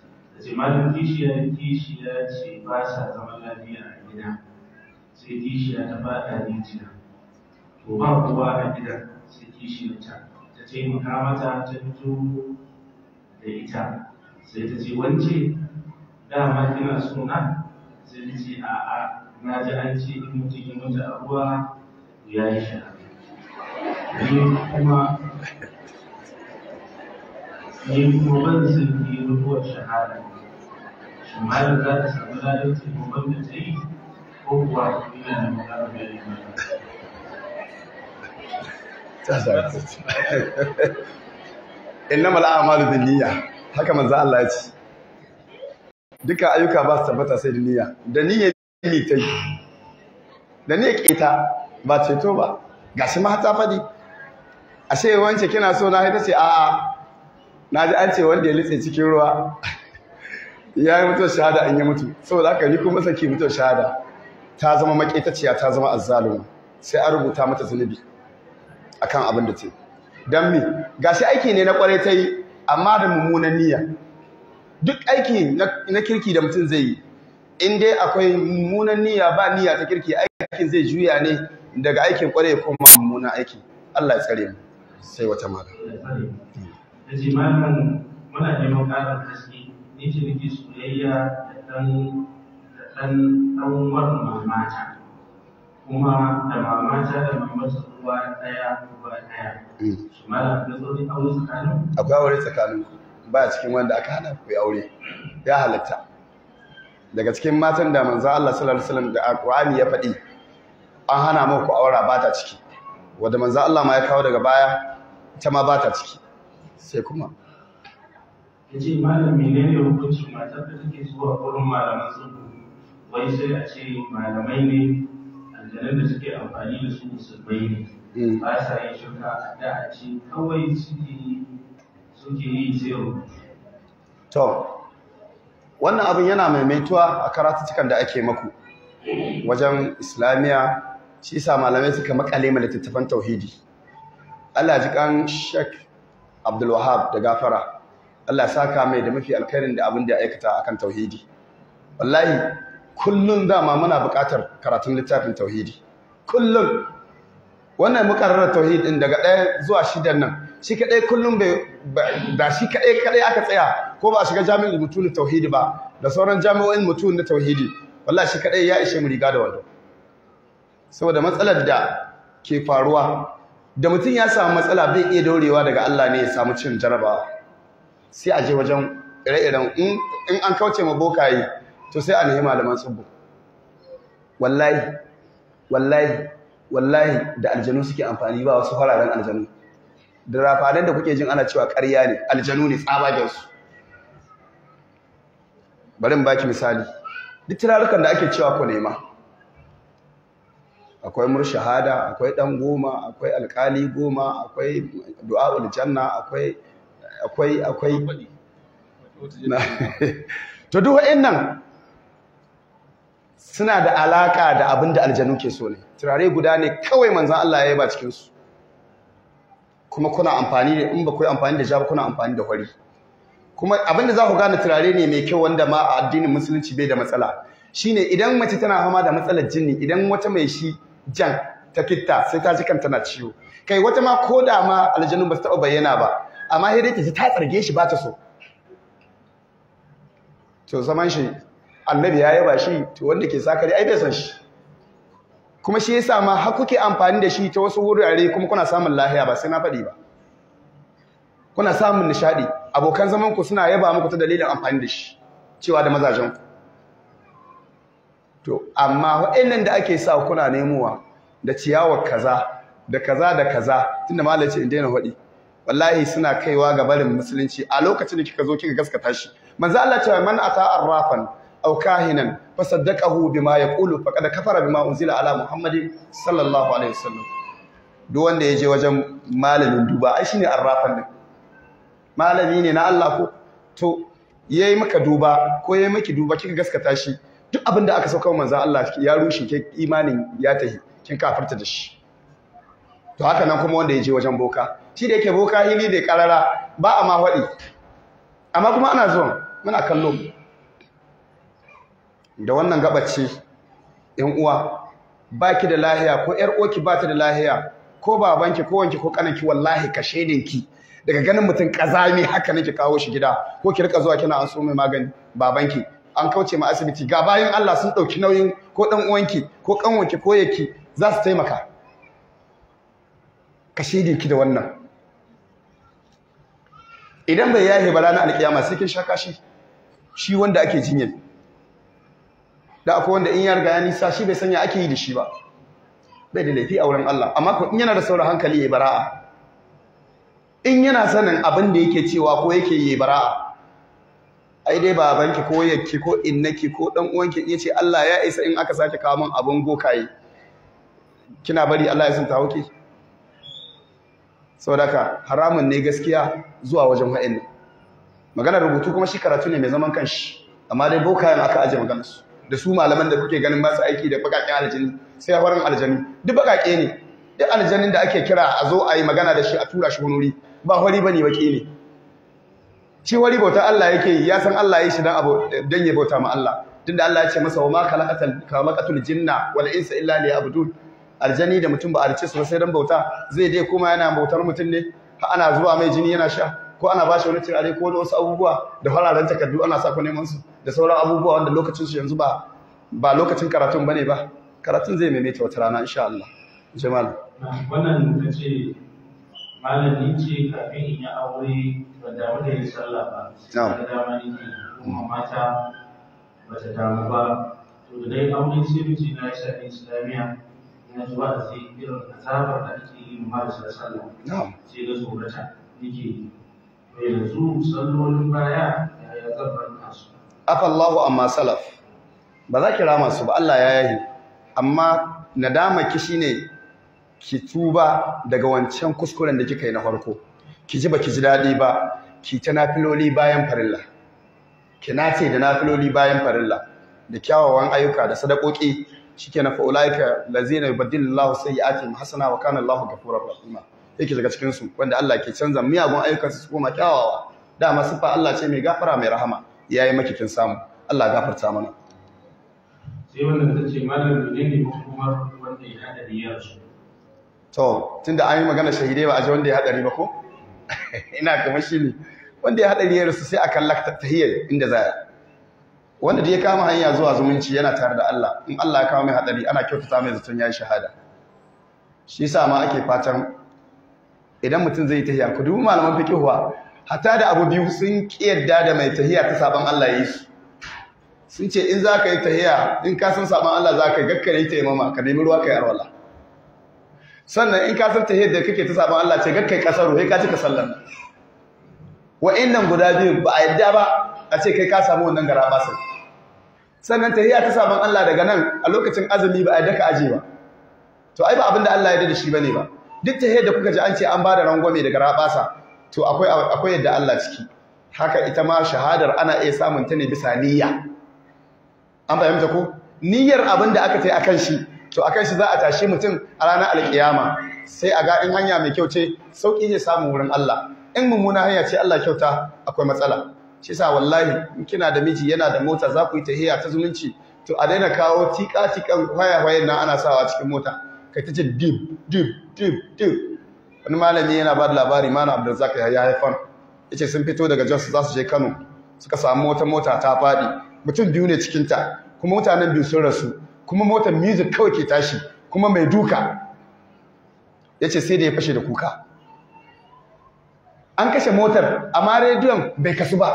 ce malin kishiya kishiya ce ba sa zaman lafiya a gida sai kishiya ta faɗa rijiya to ba kowa a gida sai kishiyar ta ta taimaka mata ta fito da ita sai ta ce wance dama kina suna sai ta ce a'a na ji an ce in mutum ya mutu a ruwa ya yi shara kuma sai goban sun yi rubuwar shahada shin za ta samu lalaci goban da ta yi ko kuwa yana da Inna innama al'amalu bin niyya haka manzo Allah ya ce duka ayyuka ba su tabbata sai da niyya da niyya ne ta yi da niyya keta ba ceto ba gashi ma ta fadi ashe wance kina so na ita ce a'a na ji an ce wanda ya litse cikin ruwa ya yi mutuwar shahada in ya mutu saboda haka yi kuma sarki mutuwar shahada ta zama maƙetaciya ta zama azzaluma sai an rubuta mata zunubi akan abin da ce don me gashi aiki ne na kwarai ta yi amma da mummunan niyya duk aiki na kirki da mutum zai yi in dai akwai mummunan niyya ba niyya ta kirki aikin zai juya ne daga aikin kwarai ya koma mummunan aiki Allah ya tsare mu sai wata mara ta ce da ɗan da ɗan ɗanwar kuma da mamata da mamata hmm. shi da tsoron aure tsakanin akwai aure tsakanin ba cikin wanda aka hana ku aure ya halatta daga cikin matan da manzo Allah sallallahu alaihi wasallam da ya faɗi an hana muku aura ba ta ciki wanda manzo Allah ma ya kawo daga baya ta ma ba ciki sai kuma ya ce malam menene hukuncin matar da take zuwa wurin malaman tsubu wai sai a ce malamai ne aljanar da suke amfani da su musulmai ne mm. ba sa yin shuka, da a ce kawai suke yi sai to wannan abin yana maimaituwa a karatuttukan da ake maku wajen islamiyya shi sa malamai suka makale mai littattafan tauhidi Allah ji kan shek Abdul Wahab da gafara Allah ya saka mai da mafi alkhairin da abin da ya aikata akan tauhidi wallahi kullun dama muna buƙatar karatun littafin tauhidi kullun wannan mukarrar tauhid din daga 1 zuwa 6 nan shi kadai kullum da shi kadai kadai aka tsaya ko ba a shiga jami'in mutun tauhidi ba da sauran jami'o'in mutun na tauhidi wallahi shi kadai ya ishe mu riga da wando saboda matsalar da ke faruwa da mutum ya samu matsala bai iya daurewa daga Allah ne ya samu cin jarabawa sai a je wajen ire-iren in an kauce ma bokaye to sai a nemi malaman tsubbu wallahi wallahi wallahi da aljanu suke amfani ba wasu fararen aljanu da rafadan da kuke jin ana cewa ƙarya ne aljanu ne tsaba da su bari in baki misali duk tirarukan da ake cewa ku nema akwai murshahada akwai dan goma akwai alkali goma akwai du'a du'a'ul janna akwai akwai akwai (laughs) to duk wa'annan suna da alaka da abin da aljanu ke so ne turare guda ne kawai manzan Allah ya yi ba cikin su kuma kuna amfani da in ba ku amfani da jaba kuna amfani da hori kuma abin da za ku gane turare ne mai kyau wanda ma a addinin musulunci bai da matsala shine idan mace tana fama da matsalar jini idan wata mai shi jan ta fitta sai ta ji kanta na ciwo kai wata ma ko da ma aljanun ba su taɓa bayyana ba amma sai dai ta ji ta tsarge shi ba ta so to zaman shi annabi ya yaba shi to wanda ke sakari ai bai san shi kuma shi yasa ma har kuke amfani da shi ta wasu wurare kuma kuna samun lahiya ba sai na faɗi ba kuna samun nishaɗi abokan zaman ku suna yaba muku ta dalilin amfani da shi cewa da mazajen ku to amma wa'annan da ake sa kuna nemowa da ciyawa kaza da kaza da kaza tunda malai ce in daina hadi wallahi suna kaiwa ga barin musulunci a lokacin da kika zo kika gaskata shi manzo Allah cewa man ata arrafan aw kahinan saddaqahu bima yaqulu faqad kafara bima unzila ala muhammadin sallallahu alaihi wasallam duk wanda ya je wajen malamin duba ai shine arrafan din malami ne na Allah ko to yayi maka duba ko yayi miki duba kika gaskata shi duk abin da aka sauka wa manzan Allah ya rushe ke imanin ya tahi kin kafirta da shi to haka nan kuma wanda ya je wajen boka shi da yake boka hili da karara ba a ma faɗi amma kuma ana zuwa muna kallo da wannan gabace yan uwa baki da lahiya ko yar oki ba ta da lahiya ko babanki ko wanki ko kananki wallahi ka ki. daga ganin mutum kazami haka nake kawo shi gida ko ki rika zuwa kina an so mai magani babanki an kauce ma asibiti ga bayan Allah sun dauki nauyin ko dan uwanki ko ƙanwanki ko yake za su taimaka ka shede ki da wannan idan bai yahe ba ranar alkiyama sai kin shaka shi shi wanda ake jinyar da akwai wanda in ya riga ya nisa shi bai sanya ake yi da shi ba bai da laifi a wurin Allah amma ko in yana da saurin hankali yayi bara'a in yana sanin abin da yake cewa ko yake yi bara'a ai dai babanki ko yakki ko innaki ko dan uwanki in ce Allah ya isa in aka sake kawo min abun gokaye kina bari Allah ya sunta hoki saboda haramun ne gaskiya zuwa wajen wa'in maganar rubutu kuma shi karatu ne mai zaman kanshi amma dai bokayen aka aje magana su da su malaman da kuke ganin masu aiki da bakakken aljani sai farin aljani duk bakaƙe ne duk aljanin da ake kira a zo a yi magana da shi a tura shi wani ba hori bane wakili ne shi wani bauta Allah yake yi ya san Allah ya shi dan ya bauta ma Allah da Allah ya ce masa wa ma khalaqatal jinna wal insa illa abudu aljani da mutum ba a rice su sai dan bauta zai dai kuma yana bautar mutum ne ana zuwa mai jini yana sha ko ana bashi wani turare ko wasu abubuwa da fararen takardu ana sa ku neman su da sauran abubuwa wanda lokacin su yanzu ba ba lokacin karatun bane ba karatun zai maimaita wata rana insha Allah wannan malami ce kafin in yi aure ba damu da yin sallah ba sai dama nake kuma mata ba ta damu ba to da dai aure sai miji na yi shafi islamiya na zuwa da sai irin azabar da ake yi ma da sallah sai da tsorata nake mai yanzu sallolin baya yaya zan ranka su afallahu amma salaf ba za ki rama su ba Allah ya yahi amma nadama ki ne. ki tuba daga wancan kuskuren da kika yi na farko ki ji baki ji daɗi ba ki ta nafiloli bayan farilla ki nace da nafiloli bayan farilla da kyawawan ayyuka da sadakoki shikenan fa ulaika lazina yubaddilullahu sayyi'atihim hasana wa kana Allahu ghafurur rahima yake daga cikin su wanda Allah ke canza miyagun ayyukansu su koma kyawawa dama sifa Allah ce mai gafara mai rahama yayi maki kin samu Allah gafarta mana sai wannan tace ne menene kuma wanda ya da da to da an yi magana shahidai ba a ji wanda ya haɗari ba ko (laughs) ina kuma shi ne wanda ya haɗari ya rasu sai a kan tahiyar inda za a wanda ya kama hanya zuwa zumunci yana tare da Allah in Allah ya kama mai haɗari ana kyautata mai zaton ya yi shahada shi sa ma ake fatan idan mutum zai tahiya ku dubi malaman kihuwa hatta da abu biyu sun kiyarda da mai tahiya ta saban Allah ya yi shi sun ce in za ka yi tahiya in ka san saban Allah za ka gakkare ta imama ka nemi ruwa ka yi arwala sannan in ka san tahiyar da kake ta sabon Allah ce gakkai ya sai ka cika sallan wa'annan guda biyu ba a yadda ba a ce kai ka samu wannan gara basir sannan tahiyya ta sabon Allah daga nan a lokacin azumi ba a yadda ka aje ba to ai ba abinda Allah ya yarda da shi bane ba duk tahiyyar da kuka ji an ce an bada rangwame daga rabasa to akwai akwai yadda Allah ciki haka ita ma shahadar ana iya samun ta ne bisa niyya an fahimta ko niyyar abinda aka tai akan shi to akai su za a tashi mutum a ranar alkiyama sai a ga in hanya mai kyau ce sauki zai samun wurin Allah in mummuna hanya ce Allah kyauta akwai matsala shi sa wallahi in kina da miji yana da mota za ku yi tahiya ta zumunci to a daina kawo tika tikan waya waya nan ana sawa cikin mota kai ta ce dim dim dim dim wani malami yana ba da labari mana zaka ya haifan yace sun fito daga jos za su je kano suka samu wata mota ta faɗi mutum biyu ne cikinta kuma mutanen biyu sun rasu kuma motar music kawai ke tashi kuma mai duka Ya ce sai da ya fashe da kuka an kashe motar amma rediyon bai kasu ba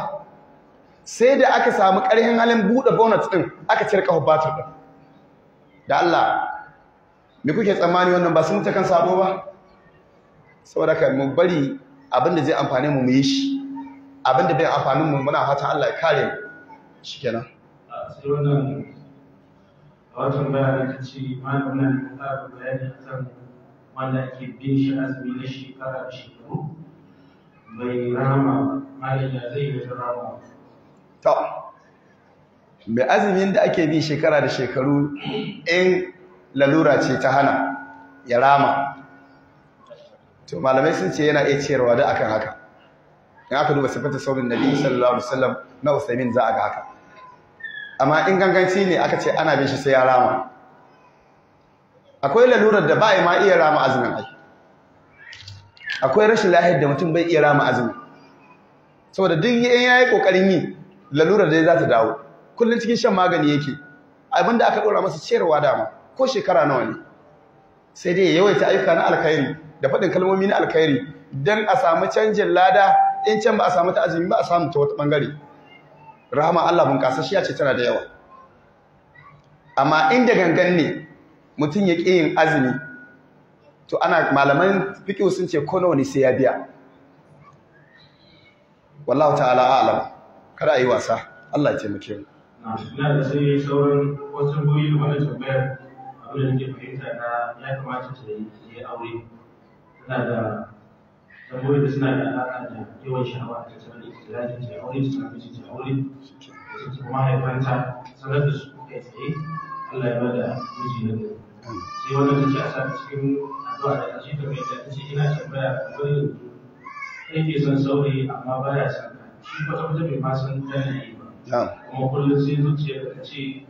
sai da aka samu ƙarfin halin buɗe bonus ɗin aka cire ƙahon batar ɗin da Allah me kuke tsammani wannan ba sun kan sabo ba saboda ka mu bari abin da zai amfani mu mu yi shi abin da bai amfanin mu muna fatan Allah ya kare mu kenan. a watan baya ta ce malam na da ƙarin bayani a kan wanda ake bin shi azumi na shekara da shekaru bai rama malam ya zai yi rama to mai azumin da ake bin shekara da shekaru in lalura ce ta hana ya rama to malamai sun ce yana iya ciyarwa da akan haka in aka duba sifatar saumin nabi sallallahu alaihi wasallam na usaimin za a ga haka amma in ganganci ne aka ce ana bin shi sai ya rama akwai lalurar da ba ma iya rama azumin ai akwai rashin lahiyar da mutum bai iya rama azumi saboda duk yayin yayi kokarin yi lalurar da za ta dawo kullun cikin shan magani yake abinda aka dora masa ciyarwa dama ko shekara nawa ne sai dai yawaita ayyuka na alkhairi da faɗin kalmomi na alkhairi dan a samu canjin lada in can ba a samu ta azumi ba a samu ta wata bangare rahama Allah bunƙasa shi ya ce tana da yawa amma inda gangan ne mutum ya ƙi yin azumi to ana malaman fiqh sun ce ko nawa ne sai ya biya wallahu ta'ala a'lam kada ayi wasa Allah ya taimake mu ina da sai sauran wasu goyi da wani tambayar abin da nake fahimta na ya kamata ta yi aure tana da da suna da alaƙa da yawan sha'awa da tattalin istilahin ta aure suna miji ta aure da suke mahaifanta sanar da su kuka tsaye Allah ya bada miji na gari sai ta take a sa cikin addu'a da ta ce ta mai ta ce ina tambaya kamar yanzu kai ke son saurayi amma baya son ka shi kwata kwata bai ma san tana yi ba kuma kullum sai zuciya ta ce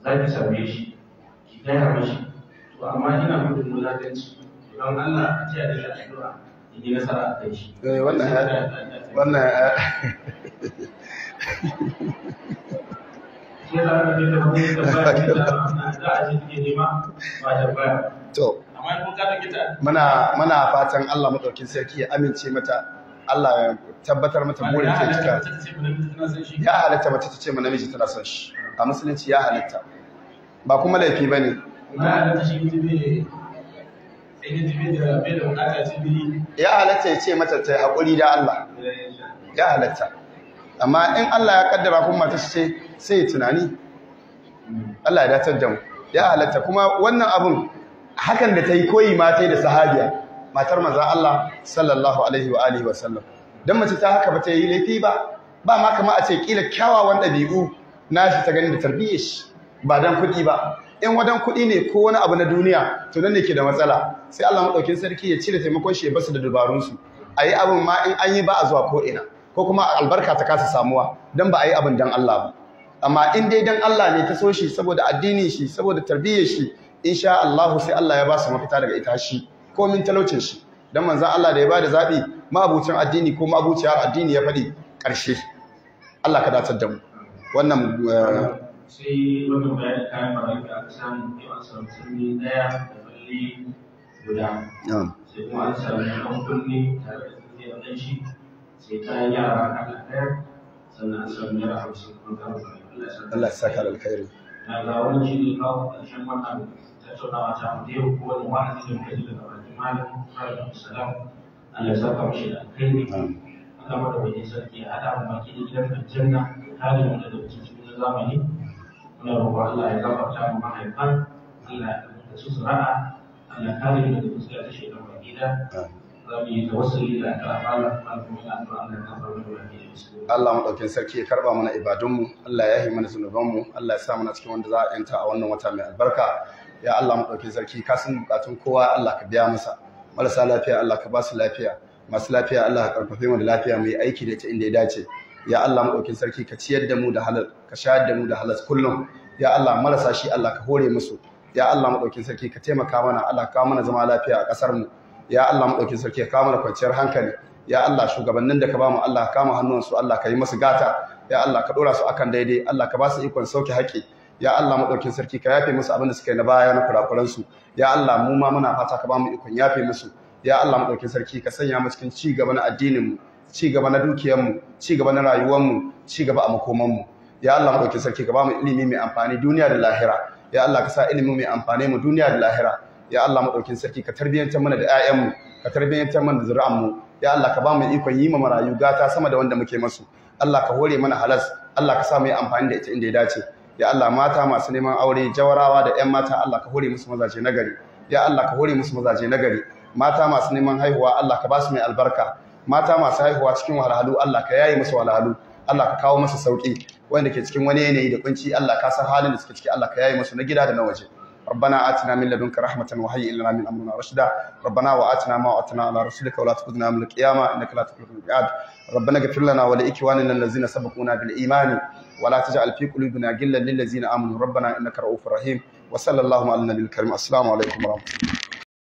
za ki same shi ki gaya mashi to amma ina gudun wulatanci don Allah a ce a da addu'a yi nasara a muna fatan Allah maɗaukin sarki ya amince mata Allah ya tabbatar mata burin ta cika. Ya halitta mace ta ce mu namiji tana son shi. A musulunci ya halitta. Ba kuma laifi ba ne. ya halatta ya ce mata ta haƙuri da Allah ya halatta amma in Allah ya kaddara kuma mata ce sai ya tunani Allah ya datar da mu ya halatta kuma wannan abun hakan da ta yi koyi mata da sahabiya matar maza Allah sallallahu alaihi wa alihi wa sallam Don mace ta haka ba ta yi laifi ba ba ma kama a ce kila kyawawan ɗabi'u na shi ta gani da tarbiyyar shi ba don kuɗi ba in wadan kuɗi ne ko wani abu na duniya to nan ne ke da matsala sai Allah maɗaukin sarki ya cire taimakon shi ya basu da dubarunsu a yi abin ma in an yi ba a zuwa ko ina ko kuma albarka ta kasa samuwa dan ba a yi abin dan Allah ba amma in dai dan Allah ne ta so shi saboda addini shi saboda tarbiyyar shi insha Allah sai Allah ya ba su mafita daga ita shi ko min talaucin shi dan manzan Allah da ya ba bada zabi mabucin addini ko mabuciyar addini ya faɗi ƙarshe, Allah ka datar da mu wannan eh, sai wannan bayan kayan marayu da aka samu yau a samu daya da balli guda sai kuma an sami ɗan kunni tare da tsintsiyar ɗan shi sai kayan yara kala ɗaya sannan an sami yara hamsin kuma ta rufe Allah ya saka alkhairi na ga wani shi ne kawo ƙarshen wannan tattaunawa ta mu da yau ko wani wa'azi da muka ji daga bakin malam alaikum salam Allah ya saka mishi da alkhairi Allah madawaje sarki ya haɗa mu baki da gidan aljanna kare mu daga cikin zamani muna roƙo Allah ya gafarta mu mahaifan Allah ya da su zura'a Allah kare mu daga fuskar ta shaidan mai gida za mu yi tawassuli da aka amala alƙur'ani Allah ya gafarta mu mai Allah maɗaukin sarki ya karɓa mana ibadunmu, Allah ya yi mana zunubanmu, Allah ya sa mana cikin wanda za a yanta a wannan wata mai albarka. Ya Allah maɗaukin sarki ka san bukatun kowa Allah ka biya masa. Marasa lafiya Allah ka ba su lafiya, masu lafiya Allah ka karfafe mu da lafiya mu yi aiki da ita inda ya dace. ya Allah maɗaukin sarki ka ciyar da mu da halal ka shayar da mu da halal kullum ya Allah marasa shi Allah ka hore musu ya Allah maɗaukin sarki ka taimaka mana Allah ka mana zama lafiya a ƙasar mu ya Allah maɗaukin sarki ka kawo mana kwanciyar hankali ya Allah shugabannin da ka ba mu Allah ka kama su Allah ka yi musu gata ya Allah ka ɗora su akan daidai Allah ka ba su ikon sauke haƙƙi ya Allah maɗaukin sarki ka yafe musu abin da suka yi na baya na kurakuran su ya Allah mu ma muna fata ka ba mu ikon yafe musu ya Allah maɗaukin sarki ka sanya mu cikin ci gaba na addinin mu ci gaba na dukiyarmu ci gaba na rayuwarmu ci gaba a makomanmu ya Allah mu sarki ka ba mu ilimi mai amfani duniya da lahira ya Allah ka sa ilimi mai amfani mu duniya da lahira ya Allah mu sarki ka tarbiyyantar mana da 'ya'yanmu ka tarbiyyantar mana da zuri'anmu ya Allah ka ba mu ikon yi ma marayu gata sama da wanda muke masu Allah ka hore mana halas Allah ka sa mu yi amfani da ita inda ya dace ya Allah mata masu neman aure jawarawa da 'yan mata Allah ka hore musu mazaje nagari ya Allah ka hore musu mazaje nagari mata masu neman haihuwa Allah ka ba su mai albarka mata masu haihuwa cikin wahalhalu Allah ka yaye musu wahalhalu Allah ka kawo masa sauki wanda ke cikin wani yanayi da kunci Allah ka san halin da suke ciki Allah ka yaye musu na gida da na waje ربنا آتنا من لدنك رحمة وهيئ لنا من أمرنا رشدا ربنا وآتنا ما وعدتنا على رسلك ولا تخذنا من القيامة إنك لا تخلف الميعاد ربنا اغفر لنا ولإخواننا الذين سبقونا بالإيمان ولا تجعل في قلوبنا غلا للذين آمنوا ربنا إنك رؤوف رحيم وصلى اللهم على النبي الكريم السلام عليكم ورحمة الله